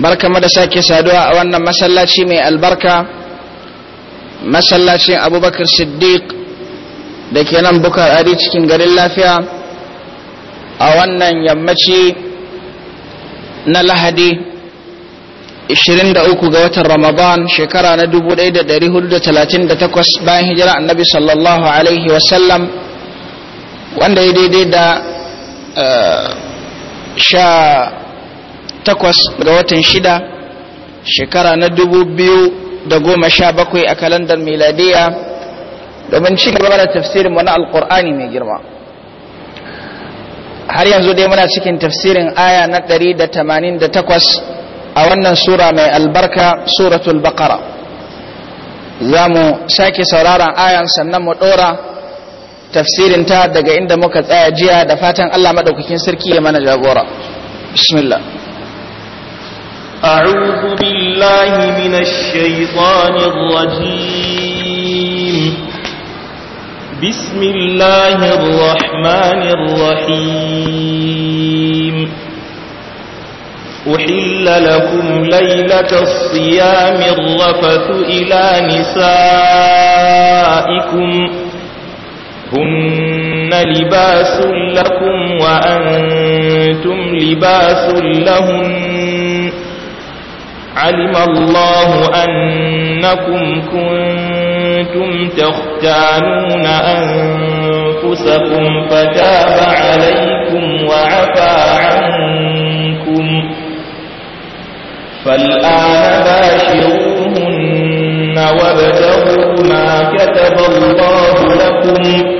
barkama da sake saduwa a wannan masallaci mai albarka masallacin abubakar siddiq da ke nan bukari cikin garin lafiya a wannan yammaci na lahadi 23 ga watan ramadan shekara na 1438 bayan hijira annabi sallallahu alaihi wasallam wanda ya daidai da eh, sha takwas ga watan shida shekara na dubu biyu da goma sha bakwai a kalandar miladiya domin ci gaba da tafsirin mu na alkur'ani mai girma har yanzu dai muna cikin tafsirin aya na ɗari da tamanin da takwas a wannan sura mai albarka suratul baqara za mu sake sauraron ayan sannan mu ɗora tafsirinta daga inda muka tsaya jiya da fatan allah maɗaukakin sarki ya mana jagora bismillah أعوذ بالله من الشيطان الرجيم بسم الله الرحمن الرحيم أحل لكم ليلة الصيام الرفث إلى نسائكم هن لباس لكم وأنتم لباس لهن علم الله أنكم كنتم تختانون أنفسكم فتاب عليكم وعفى عنكم فالآن باشرون وابتغوا ما كتب الله لكم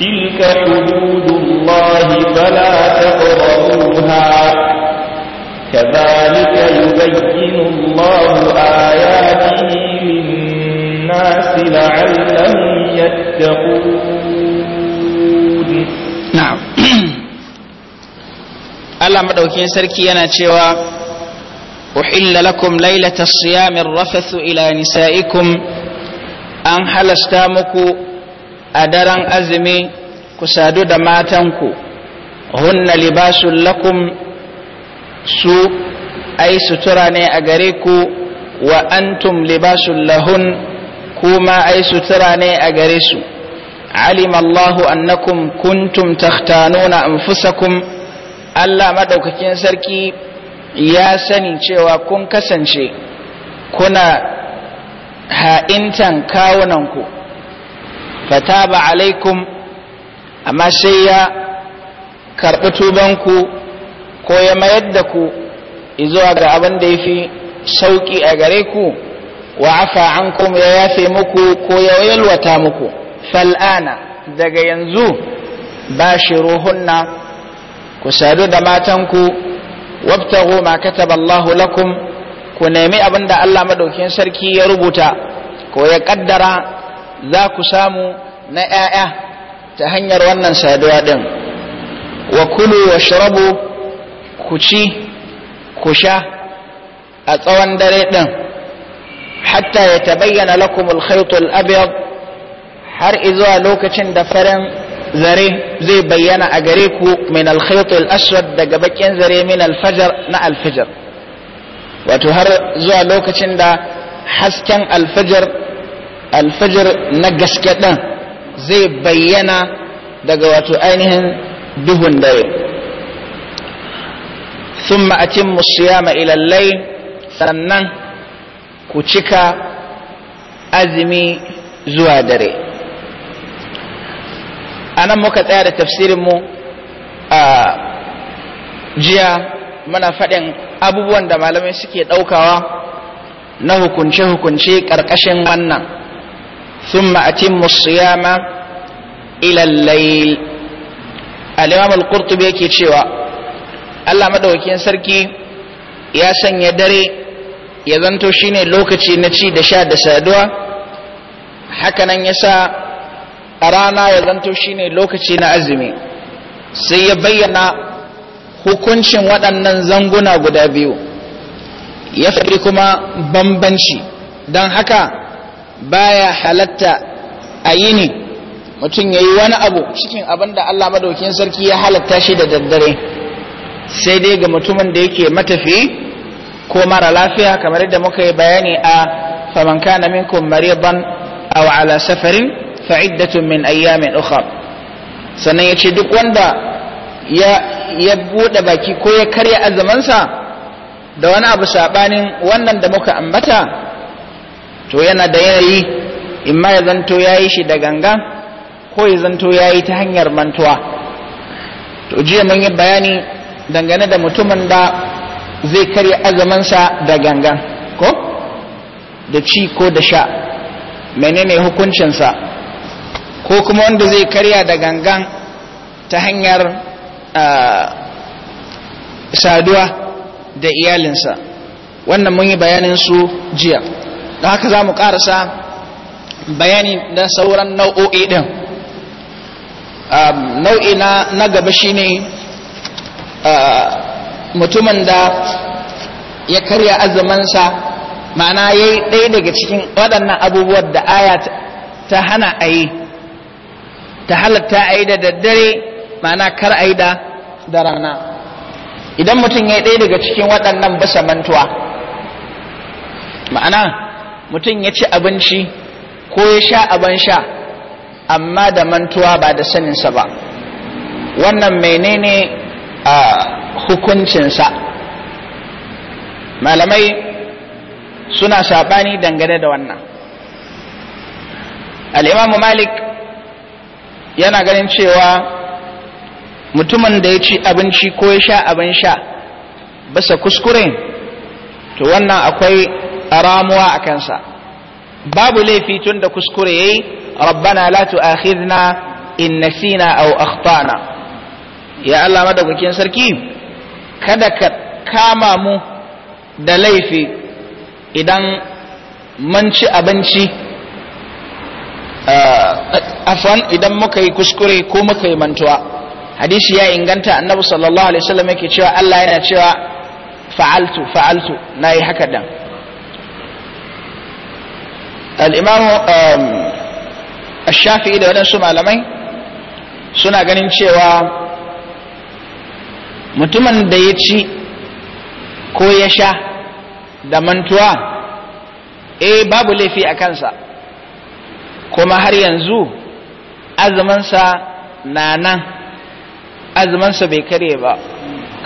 تلك حدود الله فلا تقربوها كذلك يبين الله آياته للناس لعلهم يتقون نعم الله مدوكين سركينا شوى أحل لكم ليلة الصيام الرفث إلى نسائكم أن هل استامكم a daren azumi ku sadu da matanku hunna libasun lakum su ai sutura ne a gare ku wa antum libasun lahun kuma ai sutura ne a gare su alim Allahu annakum kuntum takhtanuna anfusakum Allah madaukakin sarki ya sani cewa kun kasance kuna ha'intan kawunanku fataba alaikum amma sai ya karɓi tubanku ko ya mayar da ku izuwa ga abin da ya fi sauƙi a gare ku wa afa an kuma ya yafe muku ko ya yalwata muku fal'ana daga yanzu ba shi ruhunna ku sadu da matanku wabtahu ma kataba Allahu lakum ku nemi abin da Allah madaukin sarki ya rubuta ko ya kaddara za ku samu na ‘ya'ya ta hanyar wannan saduwa ɗin wa kulu wa shirabu ku ci ku sha a tsawon dare ɗin hatta ya tabayyana lakumul khaitul abyad har izuwa lokacin da farin zare zai bayyana a gare ku min alkhaitul aswad daga bakin zare min alfajar na alfajar wato har zuwa lokacin da hasken alfajar alfajir na gaske ɗin zai bayyana daga wato ainihin duhun dare sun ma'atin musuyama ilallai sannan ku cika azumi zuwa dare a nan muka tsaya da tafsirinmu a jiya muna faɗin abubuwan da malamai suke ɗaukawa na hukunce-hukunce ƙarƙashin wannan ثم أتم الصيام إلى الليل الإمام القرطبي yake cewa Allah madaukakin sarki ya sanya dare ya zanto shine lokaci na ci da sha da saduwa hakanan ya sa a rana ya zanto shine lokaci na azumi sai ya bayyana hukuncin waɗannan zanguna guda biyu ya faɗi kuma bambanci don haka baya halatta a yini mutum ya yi wani abu cikin abin da Allah madaukin sarki ya halatta shi da daddare sai dai ga mutumin da yake matafi ko mara lafiya kamar yadda muka yi bayani a faman kana minkum mariban aw ala safarin fa iddatun min ayyamin ukhra sannan ya ce duk wanda ya buɗe baki ko ya karya azamansa da wani abu sabanin wannan da muka ambata to yana da yanayi in ma ya zanto ya yi shi da ganga ko ya zanto ya yi ta hanyar mantuwa to jiya mun yi bayani dangane da mutumin da zai karya azamansa da ganga ko da ci ko da sha menene hukuncinsa ko kuma wanda zai karya da gangan ta hanyar saduwa da iyalinsa wannan mun yi bayanin su jiya da haka za mu ƙarasa bayani da sauran nau'o'i ɗin nau'i na gaba shine mutumin da ya karya azumansa ma'ana ya yi ɗaya daga cikin waɗannan abubuwan da aya ta hana a yi ta halatta a yi da daddare ma'ana kar a yi da rana idan mutum ya yi ɗaya daga cikin waɗannan basa mantuwa ma'ana mutum ya ci abinci ko ya sha abin sha amma da mantuwa ba da saninsa ba wannan menene a hukuncinsa malamai suna saɓani dangane da wannan al'imamu malik yana ganin cewa mutumin da ya ci abinci ko ya sha abin sha basa kuskure to wannan akwai ramuwa a kansa babu laifi tun da kuskure yayi rabbana la tu'akhidna in nasina aw akhtana ya Allah madaukakin sarki kada ka kama mu da laifi idan mun ci abinci eh, idan muka yi kuskure ko muka yi mantuwa hadisi ya inganta annabi sallallahu alaihi wasallam yake cewa Allah yana cewa fa'altu fa'altu nayi haka dan al'imamu um, shafi'i da waɗansu malamai suna ganin cewa mutumin da ya ci ko ya sha da mantuwa eh babu laifi a kansa kuma har yanzu azumansa na nan azumansa bai kare ba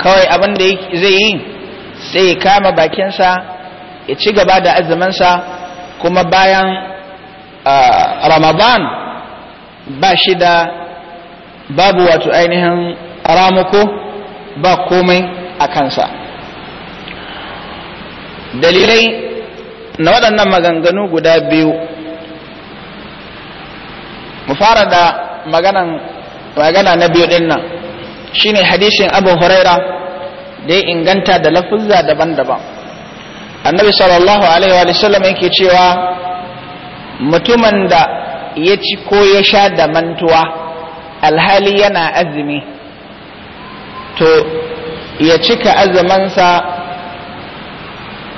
kawai abin da zai yi sai ya kama bakinsa ya ci gaba da azumansa kuma bayan ramadan ba shi da babu wato ainihin ramuku ba komai a kansa dalilai na waɗannan maganganu guda biyu mu fara da magana na biyu ɗin nan shine hadishin abu huraira da ya inganta da lafuzza daban-daban annabi sallallahu alaihi wa sallam yake cewa mutumin da ya ci ko ya sha da mantuwa alhali yana azumi to ya cika azumansa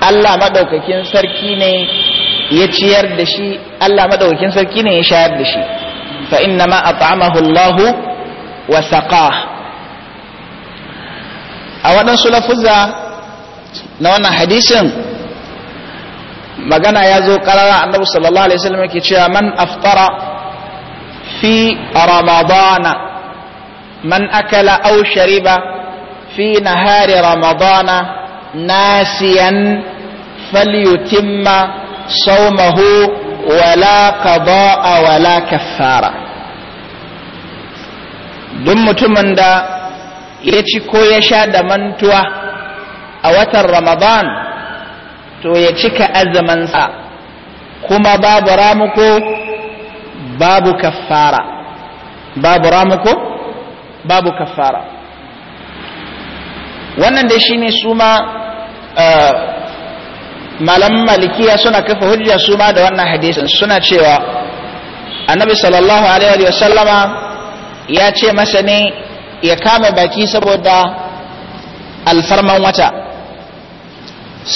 Allah maɗaukakin sarki ne ya ciyar da shi Allah maɗaukakin sarki ne ya shayar da shi fa inna ma at'amahu Allah wa a waɗansu lafuza na wannan hadisin magana ya zo karara annabi sallallahu alaihi wasallam yake cewa man aftara fi ramadana man akala aw shariba fi nahari ramadana nasiyan falyutimma sawmahu wala qada'a wala kaffara duk mutumin da ya ci ko ya sha da mantuwa a watan ramadan to ya cika azamansa kuma babu ramuko babu kaffara babu ramuko babu kaffara wannan da shine su ma eh, malam malikiya suna kafa hujja su ma da wannan hadisin suna cewa annabi sallallahu alaihi wasallama ya ce masa ne ya kama baki saboda alfarman wata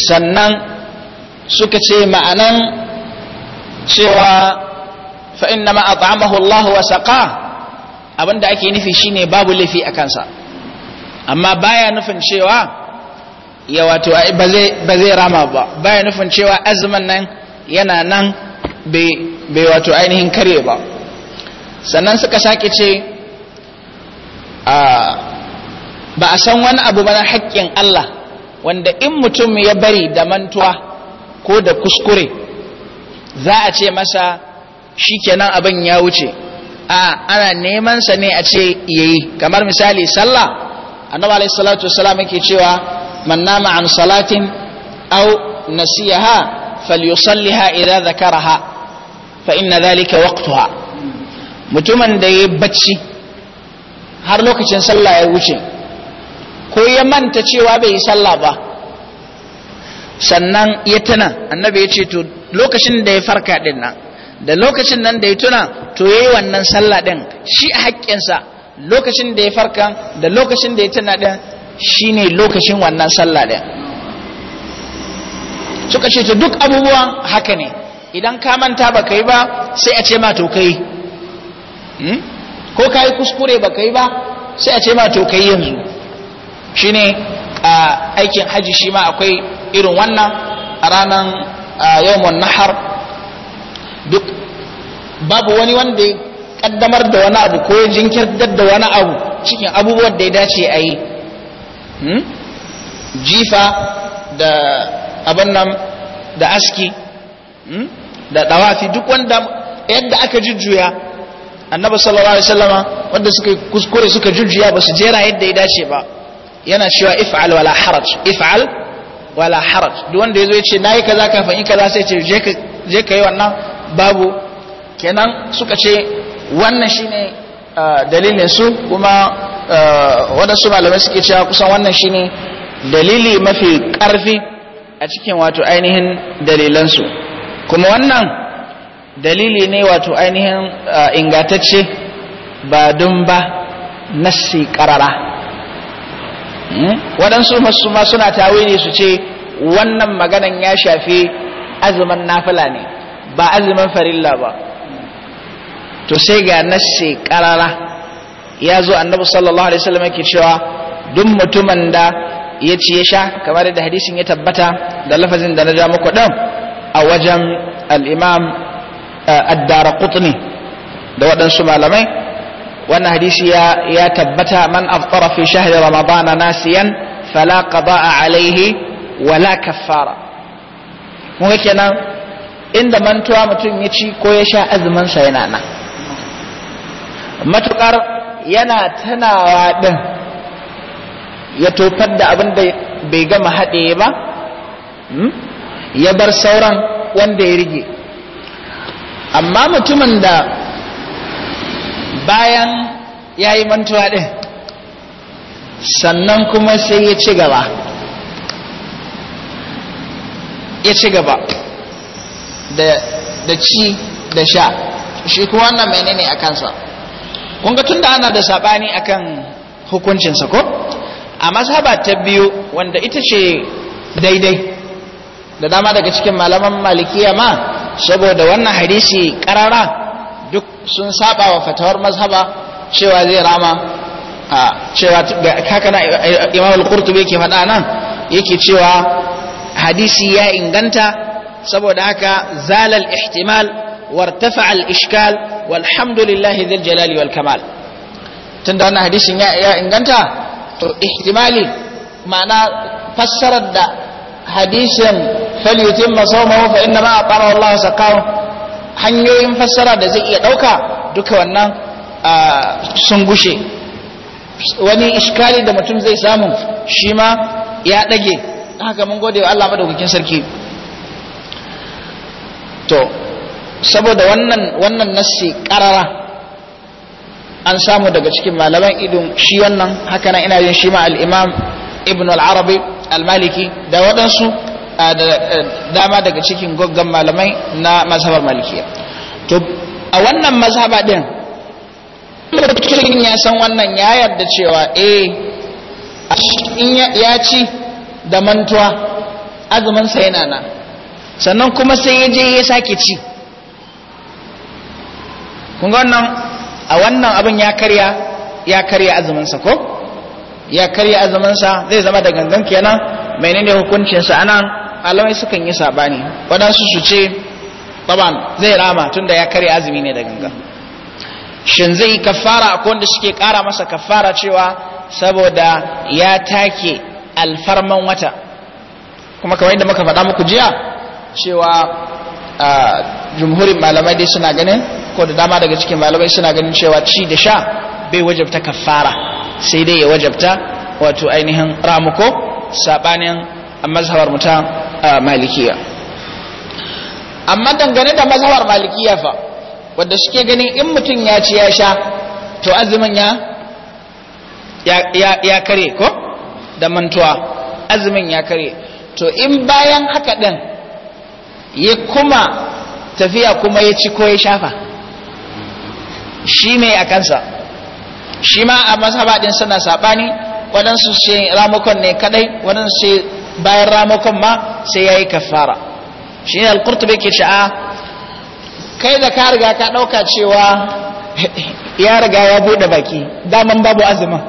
sannan suka ce ma'anan cewa fa inna ma at'amahu Allah wa saqa abinda ake nufi shine babu lafi a kansa amma baya nufin cewa ya wato ba zai rama ba baya nufin cewa azumin nan yana nan bai wato ainihin kare ba sannan suka sake ce ba a san wani abu ba na haƙƙin Allah wanda in mutum ya bari da mantuwa ko da kuskure za a ce masa shi kenan abin ya wuce a ana neman sa ne a ce yayi kamar misali sallah annaba alayhi salatu wassalam yake cewa man nama an salatin aw nasiyaha falyusalliha idza dhakaraha fa inna dhalika waqtuha mutumin da ya bacci har lokacin sallah ya wuce ko ya manta cewa bai yi sallah ba sannan ya tuna annabi ya ce to lokacin da ya farka din nan da lokacin nan da ya tuna to ya yi wannan sallah din shi a haƙƙinsa lokacin da ya farka da lokacin da ya tuna din ne lokacin wannan sallah din suka ce to duk abubuwan haka ne idan ka manta baka yi ba sai a ce ma to kai hmm? ko ka yi kuskure baka yi ba sai a ce ma to kai yanzu shine a aikin haji shi ma akwai irin wannan a ranar yawon nahar duk babu wani wanda ya kaddamar da wani abu ko ya jinkirtar da wani abu cikin abubuwan da ya dace a yi hmm? jifa da abin nan da aski hmm? da dawafi duk wanda yadda aka jujjuya Annaba sallallahu alaihi wasallama wanda suka kuskure suka jujjuya ba su jera yadda ya dace ba yana cewa if'al wala haraj if'al wala haraj duk wanda yazo yace nayi kaza kafin in kaza sai ce je ka je kai wannan babu kenan suka ce wannan shine dalilin su kuma su malamai suke cewa kusan wannan shine dalili mafi karfi a cikin wato ainihin dalilansu kuma wannan dalili ne wato ainihin ingatacce ba dun ba nassi karara Hmm? waɗansu masu ma suna tawili su ce wannan maganan ya shafi azumin nafila ne ba azumin farilla ba to sai ga nasse karara ya zo annabi sallallahu alaihi wasallam yake cewa duk mutumin da ya ci ya sha kamar da hadisin ya tabbata da lafazin da na ja muku din a wajen al-imam eh, ad-darqutni da waɗansu malamai wannan hadisi ya ya tabbata man aftara fi shahri ramadana nasiyan fala qada'a alaihi wala kaffara mun kenan inda mantuwa mutum ya ci ko ya sha azumin sa yana nan matukar yana tanawa din ya tofar da abin da bai gama haɗe ba hmm, ya bar sauran wanda ya rige amma mutumin da bayan ya yi mantuwa ɗin sannan kuma sai ya ci gaba ya ci gaba da ci da sha shi kuma wannan menene a kansa kunga tun da ana da saɓani akan hukuncinsa ko a mazhaba ta biyu wanda ita ce daidai da dama daga cikin malaman malikiya ma saboda wannan hadisi ƙarara duk sun saba wa fatawar mazhaba cewa zai rama a cewa haka na eh, imam al-qurtubi yake faɗa nan yake cewa hadisi ya inganta saboda haka zalal ihtimal wartafa al-ishkal walhamdulillahi dhil jalali wal kamal tunda wannan hadisin ya inganta to ihtimali ma'ana fassarar da hadisin falyutimma sawmahu fa inna ma aqama Allah saqahu hanyoyin fassara da zai iya ɗauka duka wannan sun gushe wani iskali da mutum zai samu shi ma ya ɗage haka mun gode wa Allah madaukakin sarki to saboda wannan wannan nassi ƙarara an samu daga cikin malaman idon shi wannan haka nan ina yin shi ma al'imam ibn arabi al-maliki da waɗansu dama daga cikin goggan malamai na mazhabar malikiya to a wannan mazhaba din ya san wannan ya yarda cewa eh in ya ci da mantuwa azuminsa yana nan sannan kuma sai ya je ya sake ci kun ga wannan a wannan abin ya karya ya karya azuminsa ko ya karya azuminsa zai zama da gangan kenan menene hukuncinsa anan malamai sukan yi sabani waɗansu su ce taban zai rama tunda ya karya azumi ne da ganga shin zai kafara akwai wanda suke ƙara masa kafara cewa saboda ya take alfarman wata kuma kamar yadda muka faɗa muku jiya cewa jumhurin malamai dai suna ganin ko da dama daga cikin malamai suna ganin cewa ci da sha bai wajabta kafara sai dai ya wajabta wato ainihin ramuko sabanin a mazhabar mu ta malikiya amma dangane da mazhabar malikiya fa wanda suke ganin in mutum ya ci ya sha to azumin ya ya kare ko da mantuwa azumin ya kare to in bayan haka din ya kuma tafiya kuma ya ci ko ya shafa shi mai a kansa shi ma a mazhaba din suna saɓani waɗansu sai ramukon ne kadai waɗansu sai bayan ramakon ma sai ya yi kafara shi ne alkurtube ke sha'a kai da ka riga ka ɗauka cewa ya riga ya buɗe baki daman babu azumin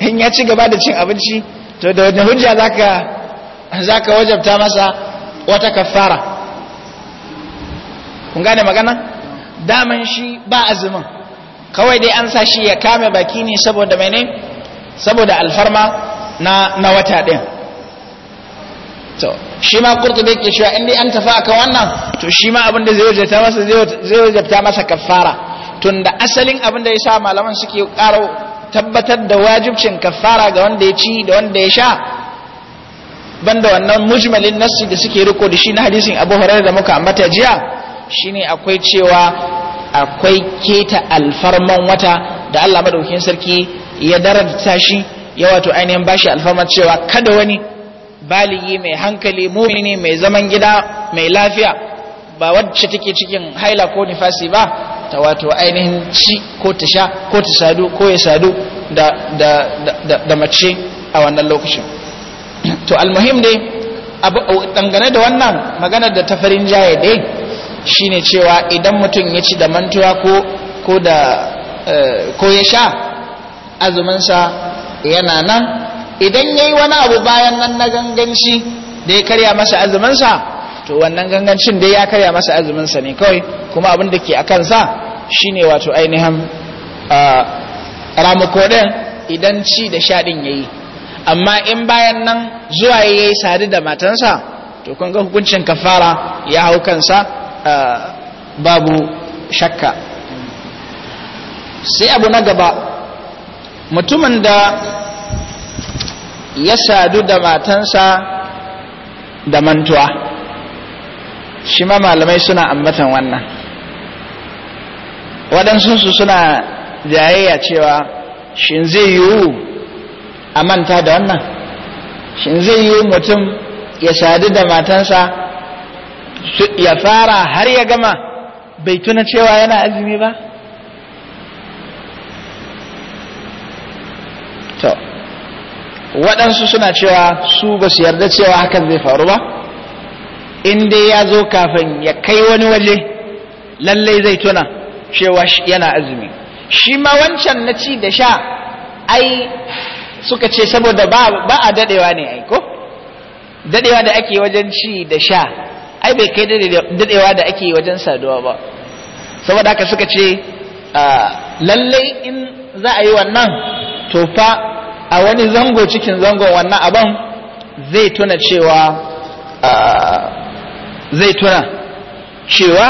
in ya ci gaba da cin abinci to da wajen hujja za ka wajabta masa wata kafara kun gane magana daman shi ba azumin kawai dai an sa shi ya kame baki ne saboda mai saboda alfarma na wata ɗin to shi ma qurtubi ke cewa in dai an tafi aka wannan to shi ma abin da zai wajabta masa zai wajabta masa kaffara tunda asalin abin da ya sa malaman suke karo tabbatar da wajibcin kafara ga wanda ya ci da wanda ya sha banda wannan mujmalin nassi da suke riko da shi na hadisin Abu Hurairah da muka ambata jiya shine akwai cewa akwai keta alfarman wata da Allah madaukin sarki ya darata shi ya wato ainihin bashi alfarman cewa kada wani baligi mai hankali mumini mai zaman gida mai lafiya ba wacce take cikin haila ko nifasi ba ta wato ainihin ci ko ta sha ko ta sadu ko ya sadu da, da, da, da, mace a wannan lokacin to almuhim dai dangane da wannan maganar da ta farin jaye dai shine cewa idan mutum ya ci da mantuwa ko, ko da eh, ko ya sha azuminsa yana nan idan ya yi wani abu bayan nan na ganganci da ya karya masa azuminsa to wannan gangancin da ya karya masa azuminsa ne kawai kuma abin da ke a kansa shi ne wato ainihin ramukodin idan ci da shaɗin ya yi amma in bayan nan zuwa ya yi sadu da matansa to kun ga hukuncin kafara ya hau kansa babu shakka sai abu na gaba mutumin da ya sadu da matansa da mantuwa shi ma malamai suna ambatan wannan su suna jayayya cewa shin zai yiwu a manta da wannan shin zai yiwu mutum ya sadu da matansa ya fara har ya gama bai tuna cewa yana azumi ba waɗansu suna cewa su ba su yarda cewa hakan zai faru ba in dai ya zo kafin ya kai wani waje lallai zai tuna cewa yana azumi shi ma wancan na ci da sha ai suka ce saboda ba a dadewa ne ai ko dadewa da ake wajen ci da sha ai bai kai dadewa da ake wajen saduwa ba saboda haka suka ce ah, lallai in za a yi wannan tofa a wani zango cikin zangon wannan abin zai tuna cewa zai tuna cewa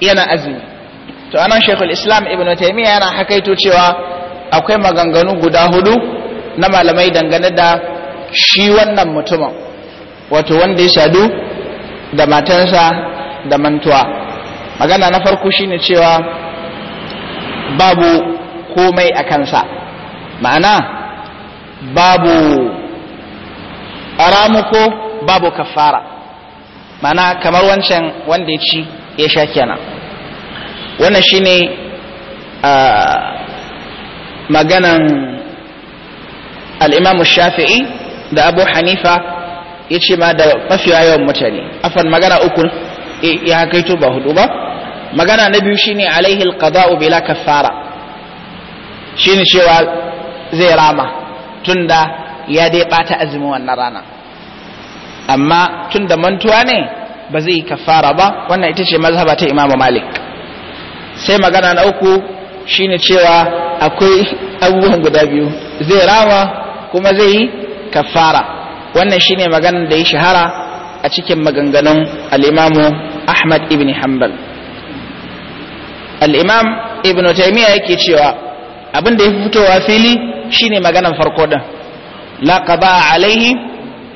yana azumi to anan shekul islam ibn taimiyya yana hakaito cewa akwai maganganu guda hudu na malamai dangane da shi wannan mutumin wato wanda ya sadu da matansa da mantuwa magana na farko shine cewa babu komai a kansa ma'ana babu aramuko babu kafara ma'ana kamar wancan wanda ya ci ya sha kenan wannan shine maganan al'imamu shafi'i da abu hanifa ya ce ma da mafi yawan mutane afan magana uku ya kaito ba hudu ba magana na biyu shine alaihi alqada'u bila kafara shine cewa zai rama tunda ya dai bata azumin wannan rana amma tunda mantuwa ne ba zai kafara ba wannan ita ce mazhaba ta imamu malik sai magana na uku shine cewa akwai abubuwan guda biyu zai rama kuma zai yi kafara wannan shine maganar da ya shahara a cikin maganganun al'imamu ahmad ibn hanbal al'imam ibn taimiyya yake cewa abin da ya fi fitowa fili shine maganan farko din la qada alaihi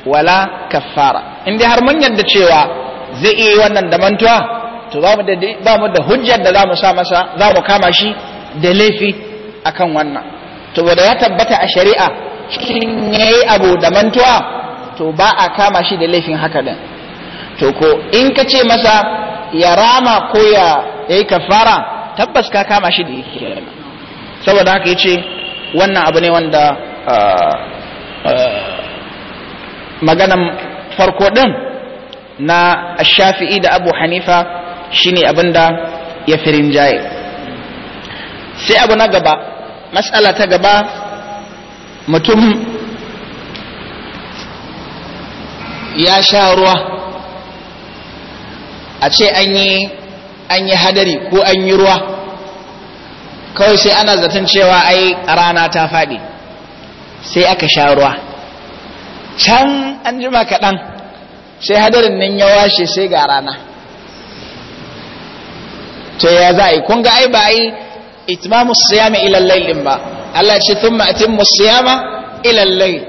wala kaffara in dai har mun yadda cewa zai iya wannan da mantuwa to ba mu da ba da hujjar da zamu sa masa zamu kama shi da laifi akan wannan to da ya tabbata a shari'a cikin yayi abu da mantuwa to ba a kama shi da laifin haka din to ko in ka ce masa ya rama ko ya yi kafara tabbas ka kama shi da yake saboda haka yace wannan abu ne wanda ah, ah, maganan farko din na shafi'i da abu hanifa shine abin da ya firin jaye sai abu na gaba matsala ta gaba mutum ya sha ruwa a ce an yi hadari ko an yi ruwa kawai sai ana zaton cewa ai rana ta faɗi sai aka sha ruwa can an jima kaɗan sai hadarin nan ya washe sai ga rana to ya za a yi kun ga ai ba yi itmamu siyama lailin ba Allah ce tun ma'atin musiyama ilallai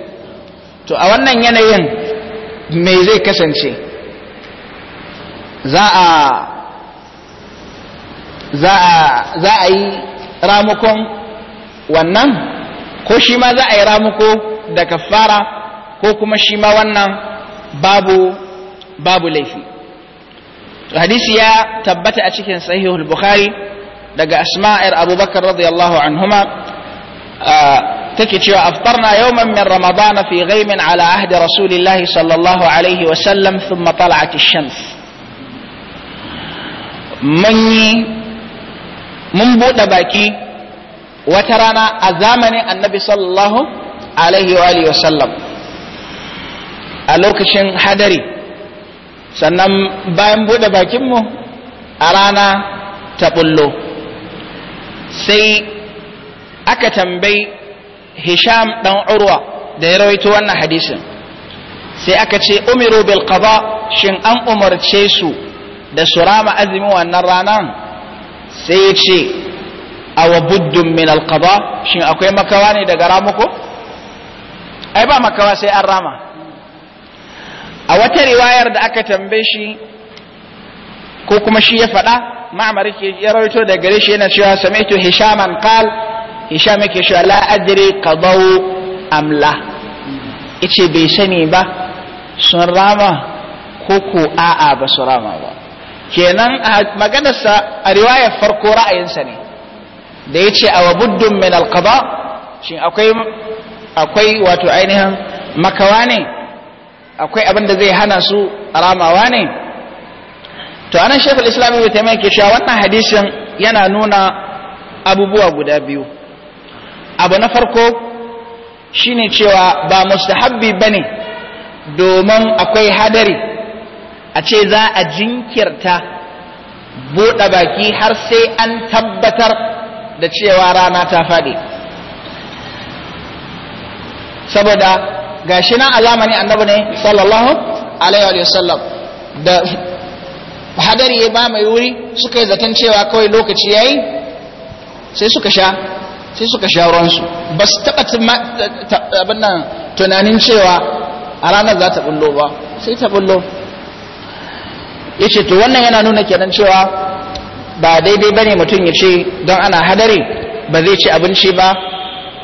to a wannan yanayin me zai kasance za a za a yi ramukon wannan ko shi ma za a yi ramuko da kafara ko kuma shi ma wannan babu babu laifi hadisi ya tabbata a cikin sahihul bukhari daga asma'ir abubakar radiyallahu anhuma take cewa aftarna yawman min ramadana fi ghaimin ala ahdi rasulillahi sallallahu alaihi wa sallam thumma tala'at ash-shams mun mun buɗe baki wata rana a zamanin annabi sallallahu alaihi wa sallam. a lokacin hadari sannan bayan buɗe bakinmu a rana ta ɓullo. sai aka tambayi hisham ɗan urwa da ya rawaito wannan hadisin sai aka ce umiru bil shin an umarce su da su rama azumin wannan ranar sai ya ce awa buddun min alqada shi akwai makawa ne daga ramuko ai ba makawa sai an rama a wata riwayar da aka tambaye shi ko kuma shi ya faɗa ke ya rawaito da gare shi yana cewa sami'tu hishaman qal hisham yake cewa la adri qadaw amla yace bai sani ba sun rama ko ko a'a ba su rama ba kenan a maganarsa a riwayar farko ra'ayinsa ne da ya ce awa buddun min alkaba shin akwai wato ainihin makawa ne akwai abin da zai hana su ramawa ne to anan shekul islami ibn taymiyyah ke shawa wannan hadishin yana nuna abubuwa guda biyu abu na farko shine cewa ba mustahabbi bane domin akwai hadari a ce za a jinkirta buɗe baki har sai an tabbatar da cewa rana ta faɗi saboda gashi nan a zamani annabi ne sallallahu alaihi wa sallam da hadari ya ba mai wuri suka yi zaton cewa kawai lokaci yayi sai suka sha sai suka sha ruwansu ba su taɓa tunanin cewa a ranar za ta bullo ba sai ta bullo Ya ce to wannan yana nuna kenan cewa ba daidai ne mutum ya ce don ana hadari ba zai ci abinci ba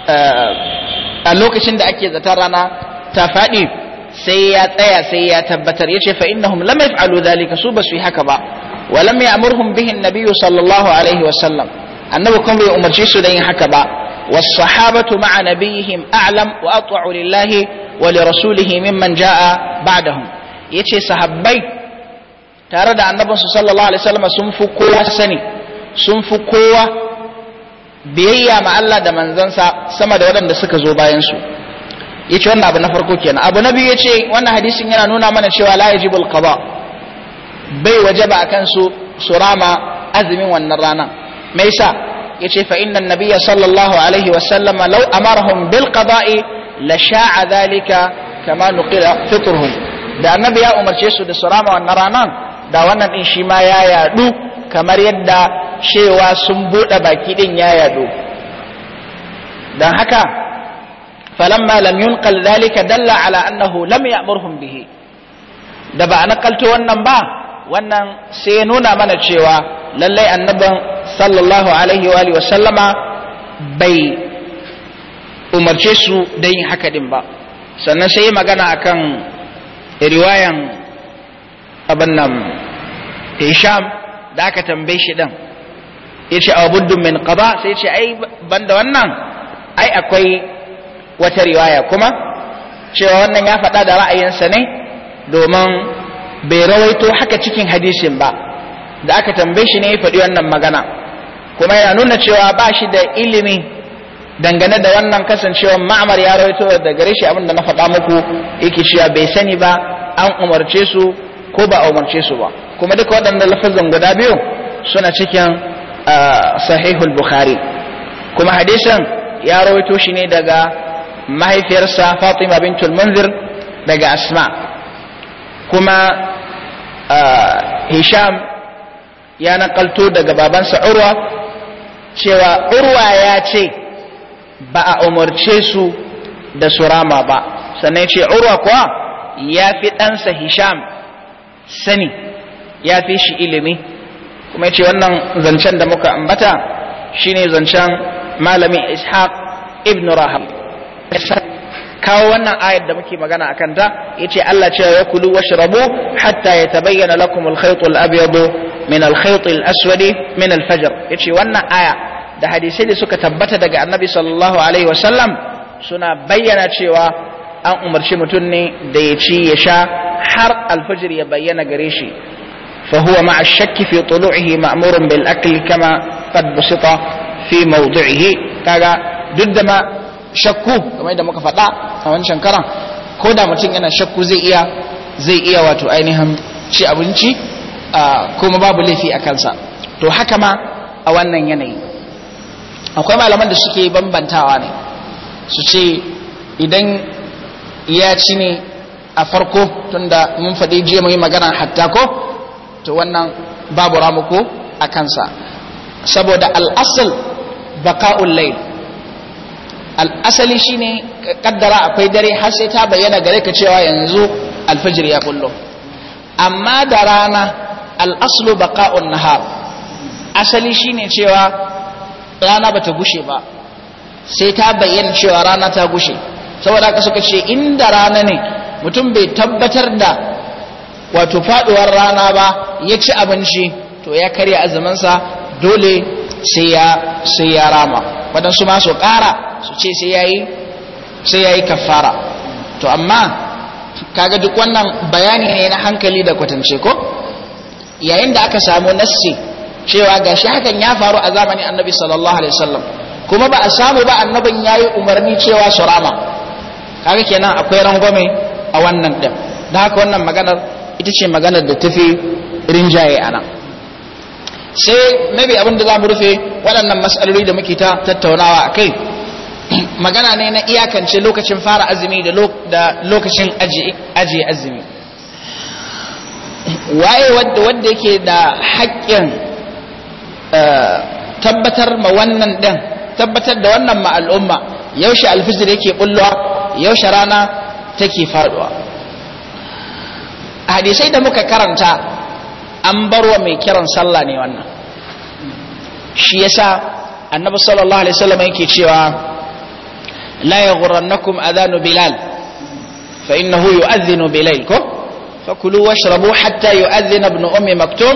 eh, a lokacin da ake zata rana ta faɗi sai ya tsaya sai ya tabbatar ya ce fa hum lam yaf'alu zalika su ba su yi haka ba wa lam ya'murhum bihin an-nabiy sallallahu alaihi wa sallam annabi kuma bai umarci su da yin haka ba was-sahabatu ma'a nabiyihim a'lam wa atwa'u lillahi wa li rasulihi mimman ja'a ba'dahum yace sahabbai tare da annabinsu sallallahu alaihi wasallam sun fi kowa sani sun fi kowa biyayya ma Allah da manzansa sama da waɗanda suka zo bayan su yace wannan abu na farko kenan abu na biyu yace wannan hadisin yana nuna mana cewa la yajibul qada bai wajaba akan su surama azumin wannan ranan me yasa yace fa inna nabiyya sallallahu alaihi wasallam law amarahum bil qada'i la sha'a dhalika kama nuqila fitruhum da annabi ya umarce su da surama wannan ranan da wannan din shi ma ya yadu kamar yadda cewa sun buɗe baki din ya yadu don haka falamma lam yunqal dalika dalla ala annahu lam ya'murhum bihi da ba a nakalto wannan ba wannan sai ya nuna mana cewa lallai annabin sallallahu alaihi wa alihi sallama bai umarce su da yin haka din ba sannan sai magana akan riwayan abin nan hisham da aka tambaye shi din yace abuddun min ƙaba sai ce ai ban da wannan ai akwai wata riwaya kuma cewa wannan ya faɗa da ra'ayinsa ne domin bai rawaito haka cikin hadisin ba da aka tambaye shi ne ya faɗi wannan magana kuma yana nuna cewa ba shi da ilimi dangane da wannan kasancewar ma'amar ya rawaito da gare shi abinda na faɗa muku yake cewa bai sani ba an umarce su ko ba a umarce su ba kuma duka waɗanda lafazin guda biyu suna cikin sahihul bukhari kuma hadisan ya rawaito shi ne daga mahaifiyarsa fatima bintul munzir daga asma kuma hisham ya nakalto daga babansa urwa cewa urwa ya ce ba a umarce su da surama ba sannan ce urwa kuwa ya fi ɗansa hisham sani ya fi shi ilimi kuma ya ce wannan zancen da muka ambata shine zancen malami ishaq ibn rahab kawo wannan ayar da muke magana a kanta ya ce Allah ce ya kulu wa shirabu hatta ya tabayyana lakum alkhayt al-abyad min alkhayt al min alfajar. ya ce wannan aya da hadisai da suka tabbata daga annabi sallallahu alaihi wasallam suna bayyana cewa an umarci mutum ne da ya ci ya sha har alfajir ya bayyana gare shi فهو مع الشك في طلوعه مأمور بالأكل كما قد بسط في موضعه Duk da ma shakku كما da muka faɗa a wancan karan ko da mutum yana shakku zai iya zai iya wato ainihin ci abinci kuma babu laifi a kansa to haka ma a wannan yanayi akwai malaman da suke bambantawa ne su ce idan ya ci ne a farko tunda mun faɗi jiya mai magana hatta ko to wannan babu ramuko a kansa saboda al'asal baka'ul lail al'asali shine kaddara akwai dare har sai ta bayyana gare ka cewa yanzu alfajir ya kullo amma da rana al'aslu baka'un nahar asali shine cewa rana bata gushe ba sai ta bayyana cewa rana ta gushe saboda haka suka ce inda rana ne mutum bai tabbatar da wato faduwar rana ba ya ci abinci to ya karya sa dole sai ya sai ya rama waɗansu ma su ƙara su ce sai yayi sai yayi kafara to amma kaga duk wannan bayani ne na hankali da kwatance ko yayin da aka samu nassi cewa gashi hakan ya faru a zamanin annabi sallallahu alaihi wasallam kuma ba a samu ba annabin yayi umarni cewa su rama kaga kenan akwai rangwame a wannan din da haka wannan maganar ita ce maganar da tafi rinjaye a nan sai maybe abin da za mu rufe waɗannan matsaloli da muke ta tattaunawa a kai magana ne na iyakance lokacin fara azumi da lokacin ajiye azumi waye wanda yake da haƙƙin eh, tabbatar ma wannan ɗin tabbatar da wannan ma al'umma yaushe alfijir yake bullowa yaushe rana take faduwa a hadisai da muka karanta an barwa mai kiran sallah ne wannan shi yasa annabi sallallahu alaihi wasallam yake cewa la yaghrannakum adhanu bilal fa innahu yu'adhdhinu bilayl ko fakulu washrabu hatta yu'adhdhin ibn ummi maktum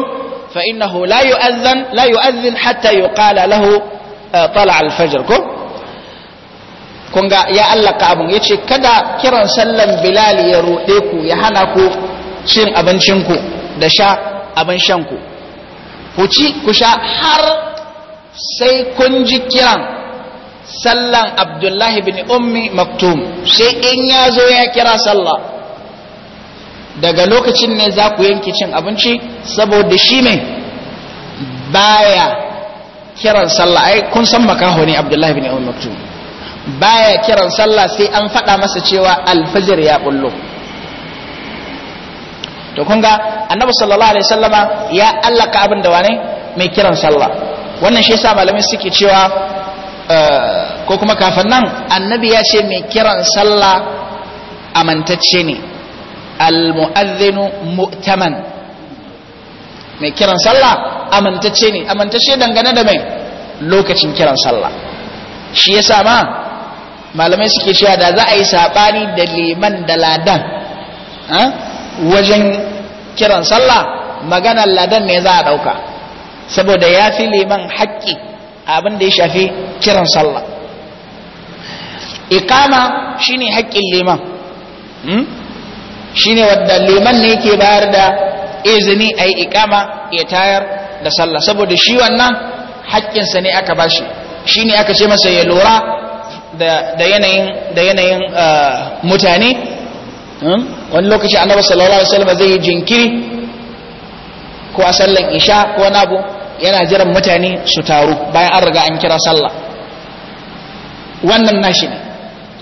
fa innahu la yu'adhdhan la yu'adhdhin hatta yuqala lahu طلع الفجر كو kun ga ya allaka abun ya ce kada kiran sallan bilal ya roɗe ku ya hana ku cin abincin ku da sha abin shanku ku ci ku sha har sai kun ji kiran sallan abdullahi bin ummi maktum sai in ya zo ya kira sallah daga lokacin ne za ku yanke cin abinci saboda shi ne baya kiran sallah ai kun san makaho ne abdullahi bin ummi maktum baya kiran sallah sai an faɗa masa cewa alfajir ya bullo to kunga annabi sallallahu alaihi wasallama ya allaka abin da wane mai kiran sallah wannan shi yasa malami suke cewa eh, ko kuma kafin nan annabi ya ce mai kiran sallah amantacce ne almu'adhdhinu mu'taman mai kiran sallah amantacce ne amantacce dangane da mai lokacin kiran sallah shi yasa ma malamai suke cewa da za a yi saɓani da liman da ladan wajen kiran sallah maganar ladan ne za a ɗauka saboda ya fi liman haƙƙi abin da ya shafi kiran sallah ikama shine haƙƙin liman hmm? shine wadda liman ne ke bayar da izini a yi ikama ya tayar da sallah saboda shi wannan haƙƙinsa ne aka bashi shi ne aka ce masa ya lura da yanayin da yanayin uh, mutane hmm? wani lokaci annabi sallallahu alaihi wasallam zai yi jinkiri ko a sallan isha ko wani abu yana jiran mutane su taru bayan an riga an kira sallah wannan nashi ne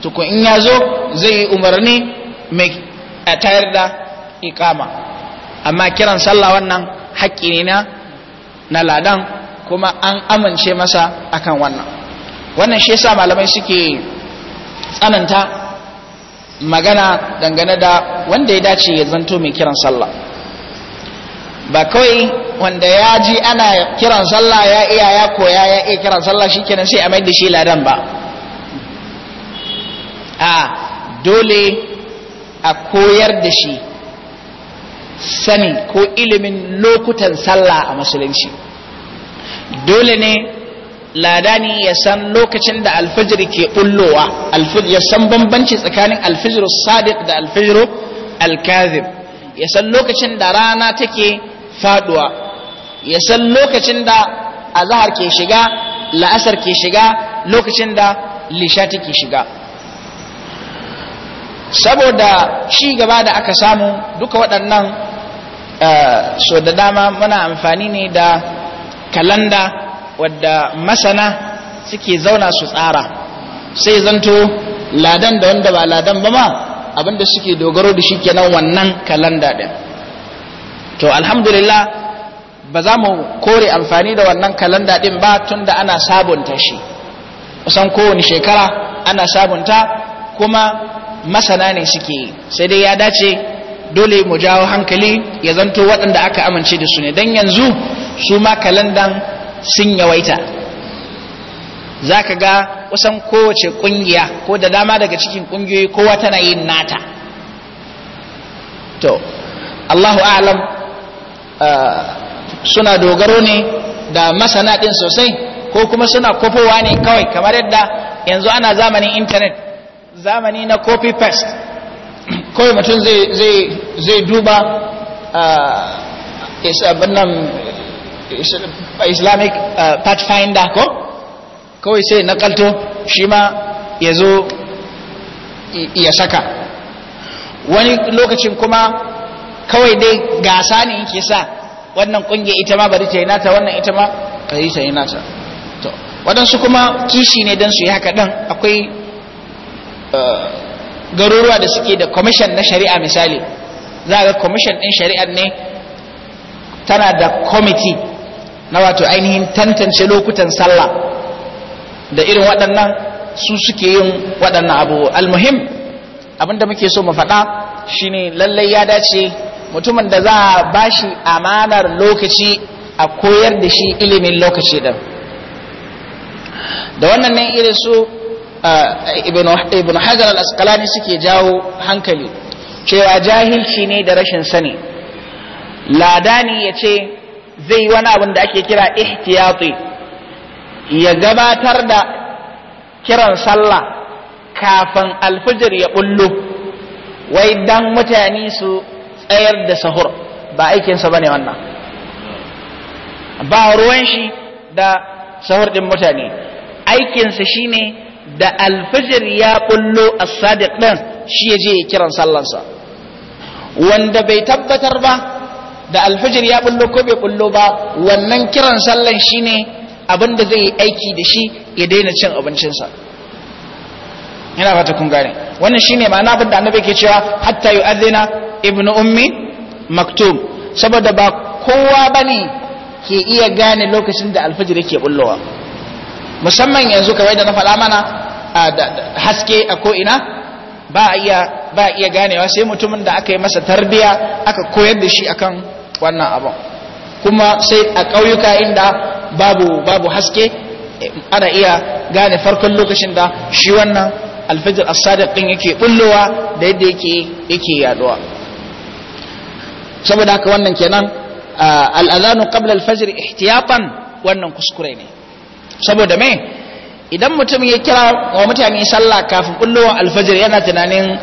tukun in ya zo zai yi umarni mai a tayar da ikama amma kiran sallah wannan haƙƙi ne na ladan kuma an amince masa akan wannan wannan shi yasa malamai suke tsananta magana dangane da wanda ya dace ya zanto mai kiran sallah ba kawai wanda ya ji ana kiran sallah ya iya ya koya ya iya kiran sallah shikenan sai a mai da shi ladan ba a dole a koyar da shi sani ko ilimin lokutan sallah a musulunci dole ne ladani ya san lokacin da alfajir ke bullowa ya san bambanci tsakanin alfajir sadiq da alfajir alkazib ya san lokacin da rana take faduwa ya san lokacin da azhar ke shiga la'asar ke shiga lokacin da lisha take shiga saboda shi gaba da aka samu duka waɗannan eh, so da dama muna amfani ne da kalanda wadda masana suke zauna su tsara sai zanto ladan da wanda ba ladan ba ma abinda suke dogaro da shi kenan wannan kalanda din to alhamdulillah ba za mu kore amfani da wannan kalanda din ba tun da ana sabunta shi kusan kowane shekara ana sabunta kuma masana ne suke sai dai ya dace dole mu jawo hankali ya zanto waɗanda aka amince da su ne don yanzu su ma kalandan sun yawaita za ka ga kusan kowace ƙungiya ko da dama daga cikin kungiyoyi kowa tana yin nata to allahu alam suna dogaro ne da masana ɗin sosai ko kuma suna kofowa ne kawai kamar yadda yanzu ana zamanin intanet zamani na copy paste kawai mutum zai duba uh, islamic uh, pathfinder ko kawai sai nakalto shi ma ya zo ya saka wani lokacin kuma kawai dai gasa ne yake sa wannan kungiya ita ma bari ta yi nata wannan ita ma bari ta yi nata to waɗansu kuma kishi ne don su yi haka ɗan akwai uh, garuruwa da suke da commission na shari'a misali za a ga commission ɗin shari'ar ne tana da committee. na wato ainihin tantance lokutan sallah da irin waɗannan su suke yin waɗannan abu almuhim abinda muke so mu faɗa shine lallai ya dace mutumin da za a bashi amanar lokaci a koyar da shi ilimin lokaci ɗin da wannan ne irin su eh, ibn hajar al-asqalani suke jawo hankali cewa jahilci ne da rashin sani ladani ya ce zai wani abin da ake kira ihtiyati ya gabatar da kiran sallah kafin alfijir ya bullo wai dan mutane su tsayar da sahur ba aikinsa bane wannan ba ruwan shi da sahur din mutane aikinsa shine da alfijir ya bullo a sadiq din shi ya je kiran sallansa wanda bai tabbatar ba da alfijir ya bullo ko bai bullo ba wannan kiran sallan shine abin da zai aiki da shi ya daina cin abincinsa ina fata kun gane wannan shine ma'ana abin da annabi ke cewa hatta yu'adhina ibnu ummi maktum saboda ba kowa bane ke iya gane lokacin da alfijir yake bullowa musamman yanzu kawai da na faɗa mana haske a ko'ina ba iya ba iya ganewa sai mutumin da aka yi masa tarbiya aka koyar da shi akan wannan abin kuma sai a ƙauyuka inda babu babu haske ana iya gane farkon lokacin da shi wannan alfijir as yake bullowa da yadda yake yake yaduwa saboda haka wannan kenan al-adhanu qabla al ihtiyatan wannan kuskure ne saboda me idan mutum ya kira wa mutane sallah kafin bullowar alfajir yana tunanin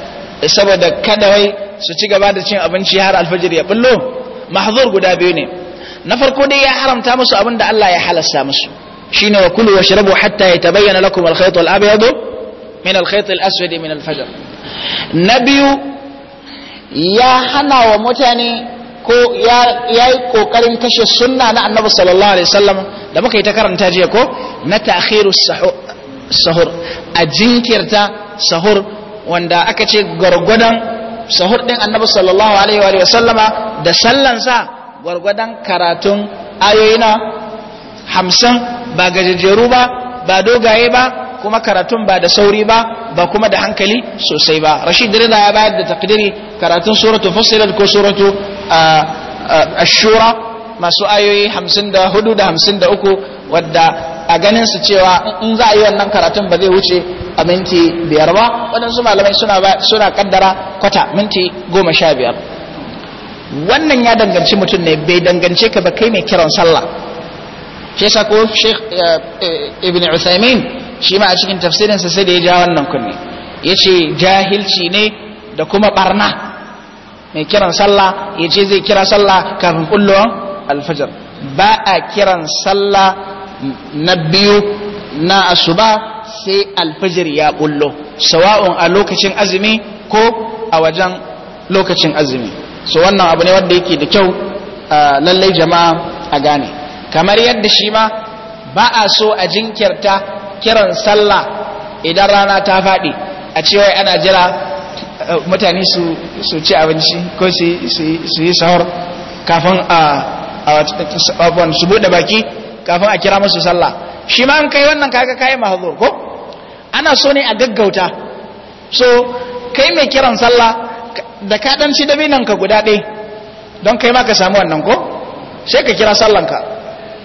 saboda kada wai su ci gaba da cin abinci har alfajir ya bullo mahzur guda biyu ne na farko dai ya haramta musu abin da Allah ya halasta musu shine wa kulu washrabu hatta yatabayyana lakum al-khayt al-abyad min al-khayt al-aswad min al-fajr ya hana wa mutane ko ya yi kokarin kashe sunna na annabi sallallahu alaihi wasallam da muka yi ta karanta jiya ko na ta'khiru sahur a jinkirta sahur wanda aka ce gargwadon sahur din annabi sallallahu alaihi wa sallama da sallansa gwargwadon karatun ayoyina na hamsin ba gajejjeru ba ba dogaye ba kuma karatun ba da sauri ba ba kuma da hankali sosai ba rashid rida ya bayar da takdiri karatun suratu fusilat ko suratu ashura masu ayoyi 54 da 53 wadda a ganin su cewa in za a yi wannan karatun ba zai wuce a minti biyar ba waɗansu malamai suna kaddara kwata minti goma sha biyar wannan ya danganci mutum ne bai dangance ka ba kai mai kiran sallah shi sa ko Sheikh eh, eh, Ibn Uthaymeen shi ma a cikin tafsirinsa sai da ya ja wannan kunne Ya ce jahilci ne da kuma barna mai kiran sallah Ya ce zai kira sallah kafin kullu alfajar ba a kiran sallah na biyu na asuba sai alfijir ya bullo sawa'un a lokacin azumi ko a wajen lokacin azumi so wannan abu ne wanda yake da kyau lallai jama'a a gane kamar yadda shi ma ba a so a jinkirta kiran sallah idan rana ta faɗi a cewa ana jira mutane su ci abinci ko su yi sahur kafin a su buɗe baki kafin a kira musu sallah shi ma an kai wannan kaga kai mahzur ko ana so ne a gaggauta so kai mai kiran sallah da ka dan ci binan ka guda ɗaya don kai ma ka samu wannan ko sai ka kira sallan ka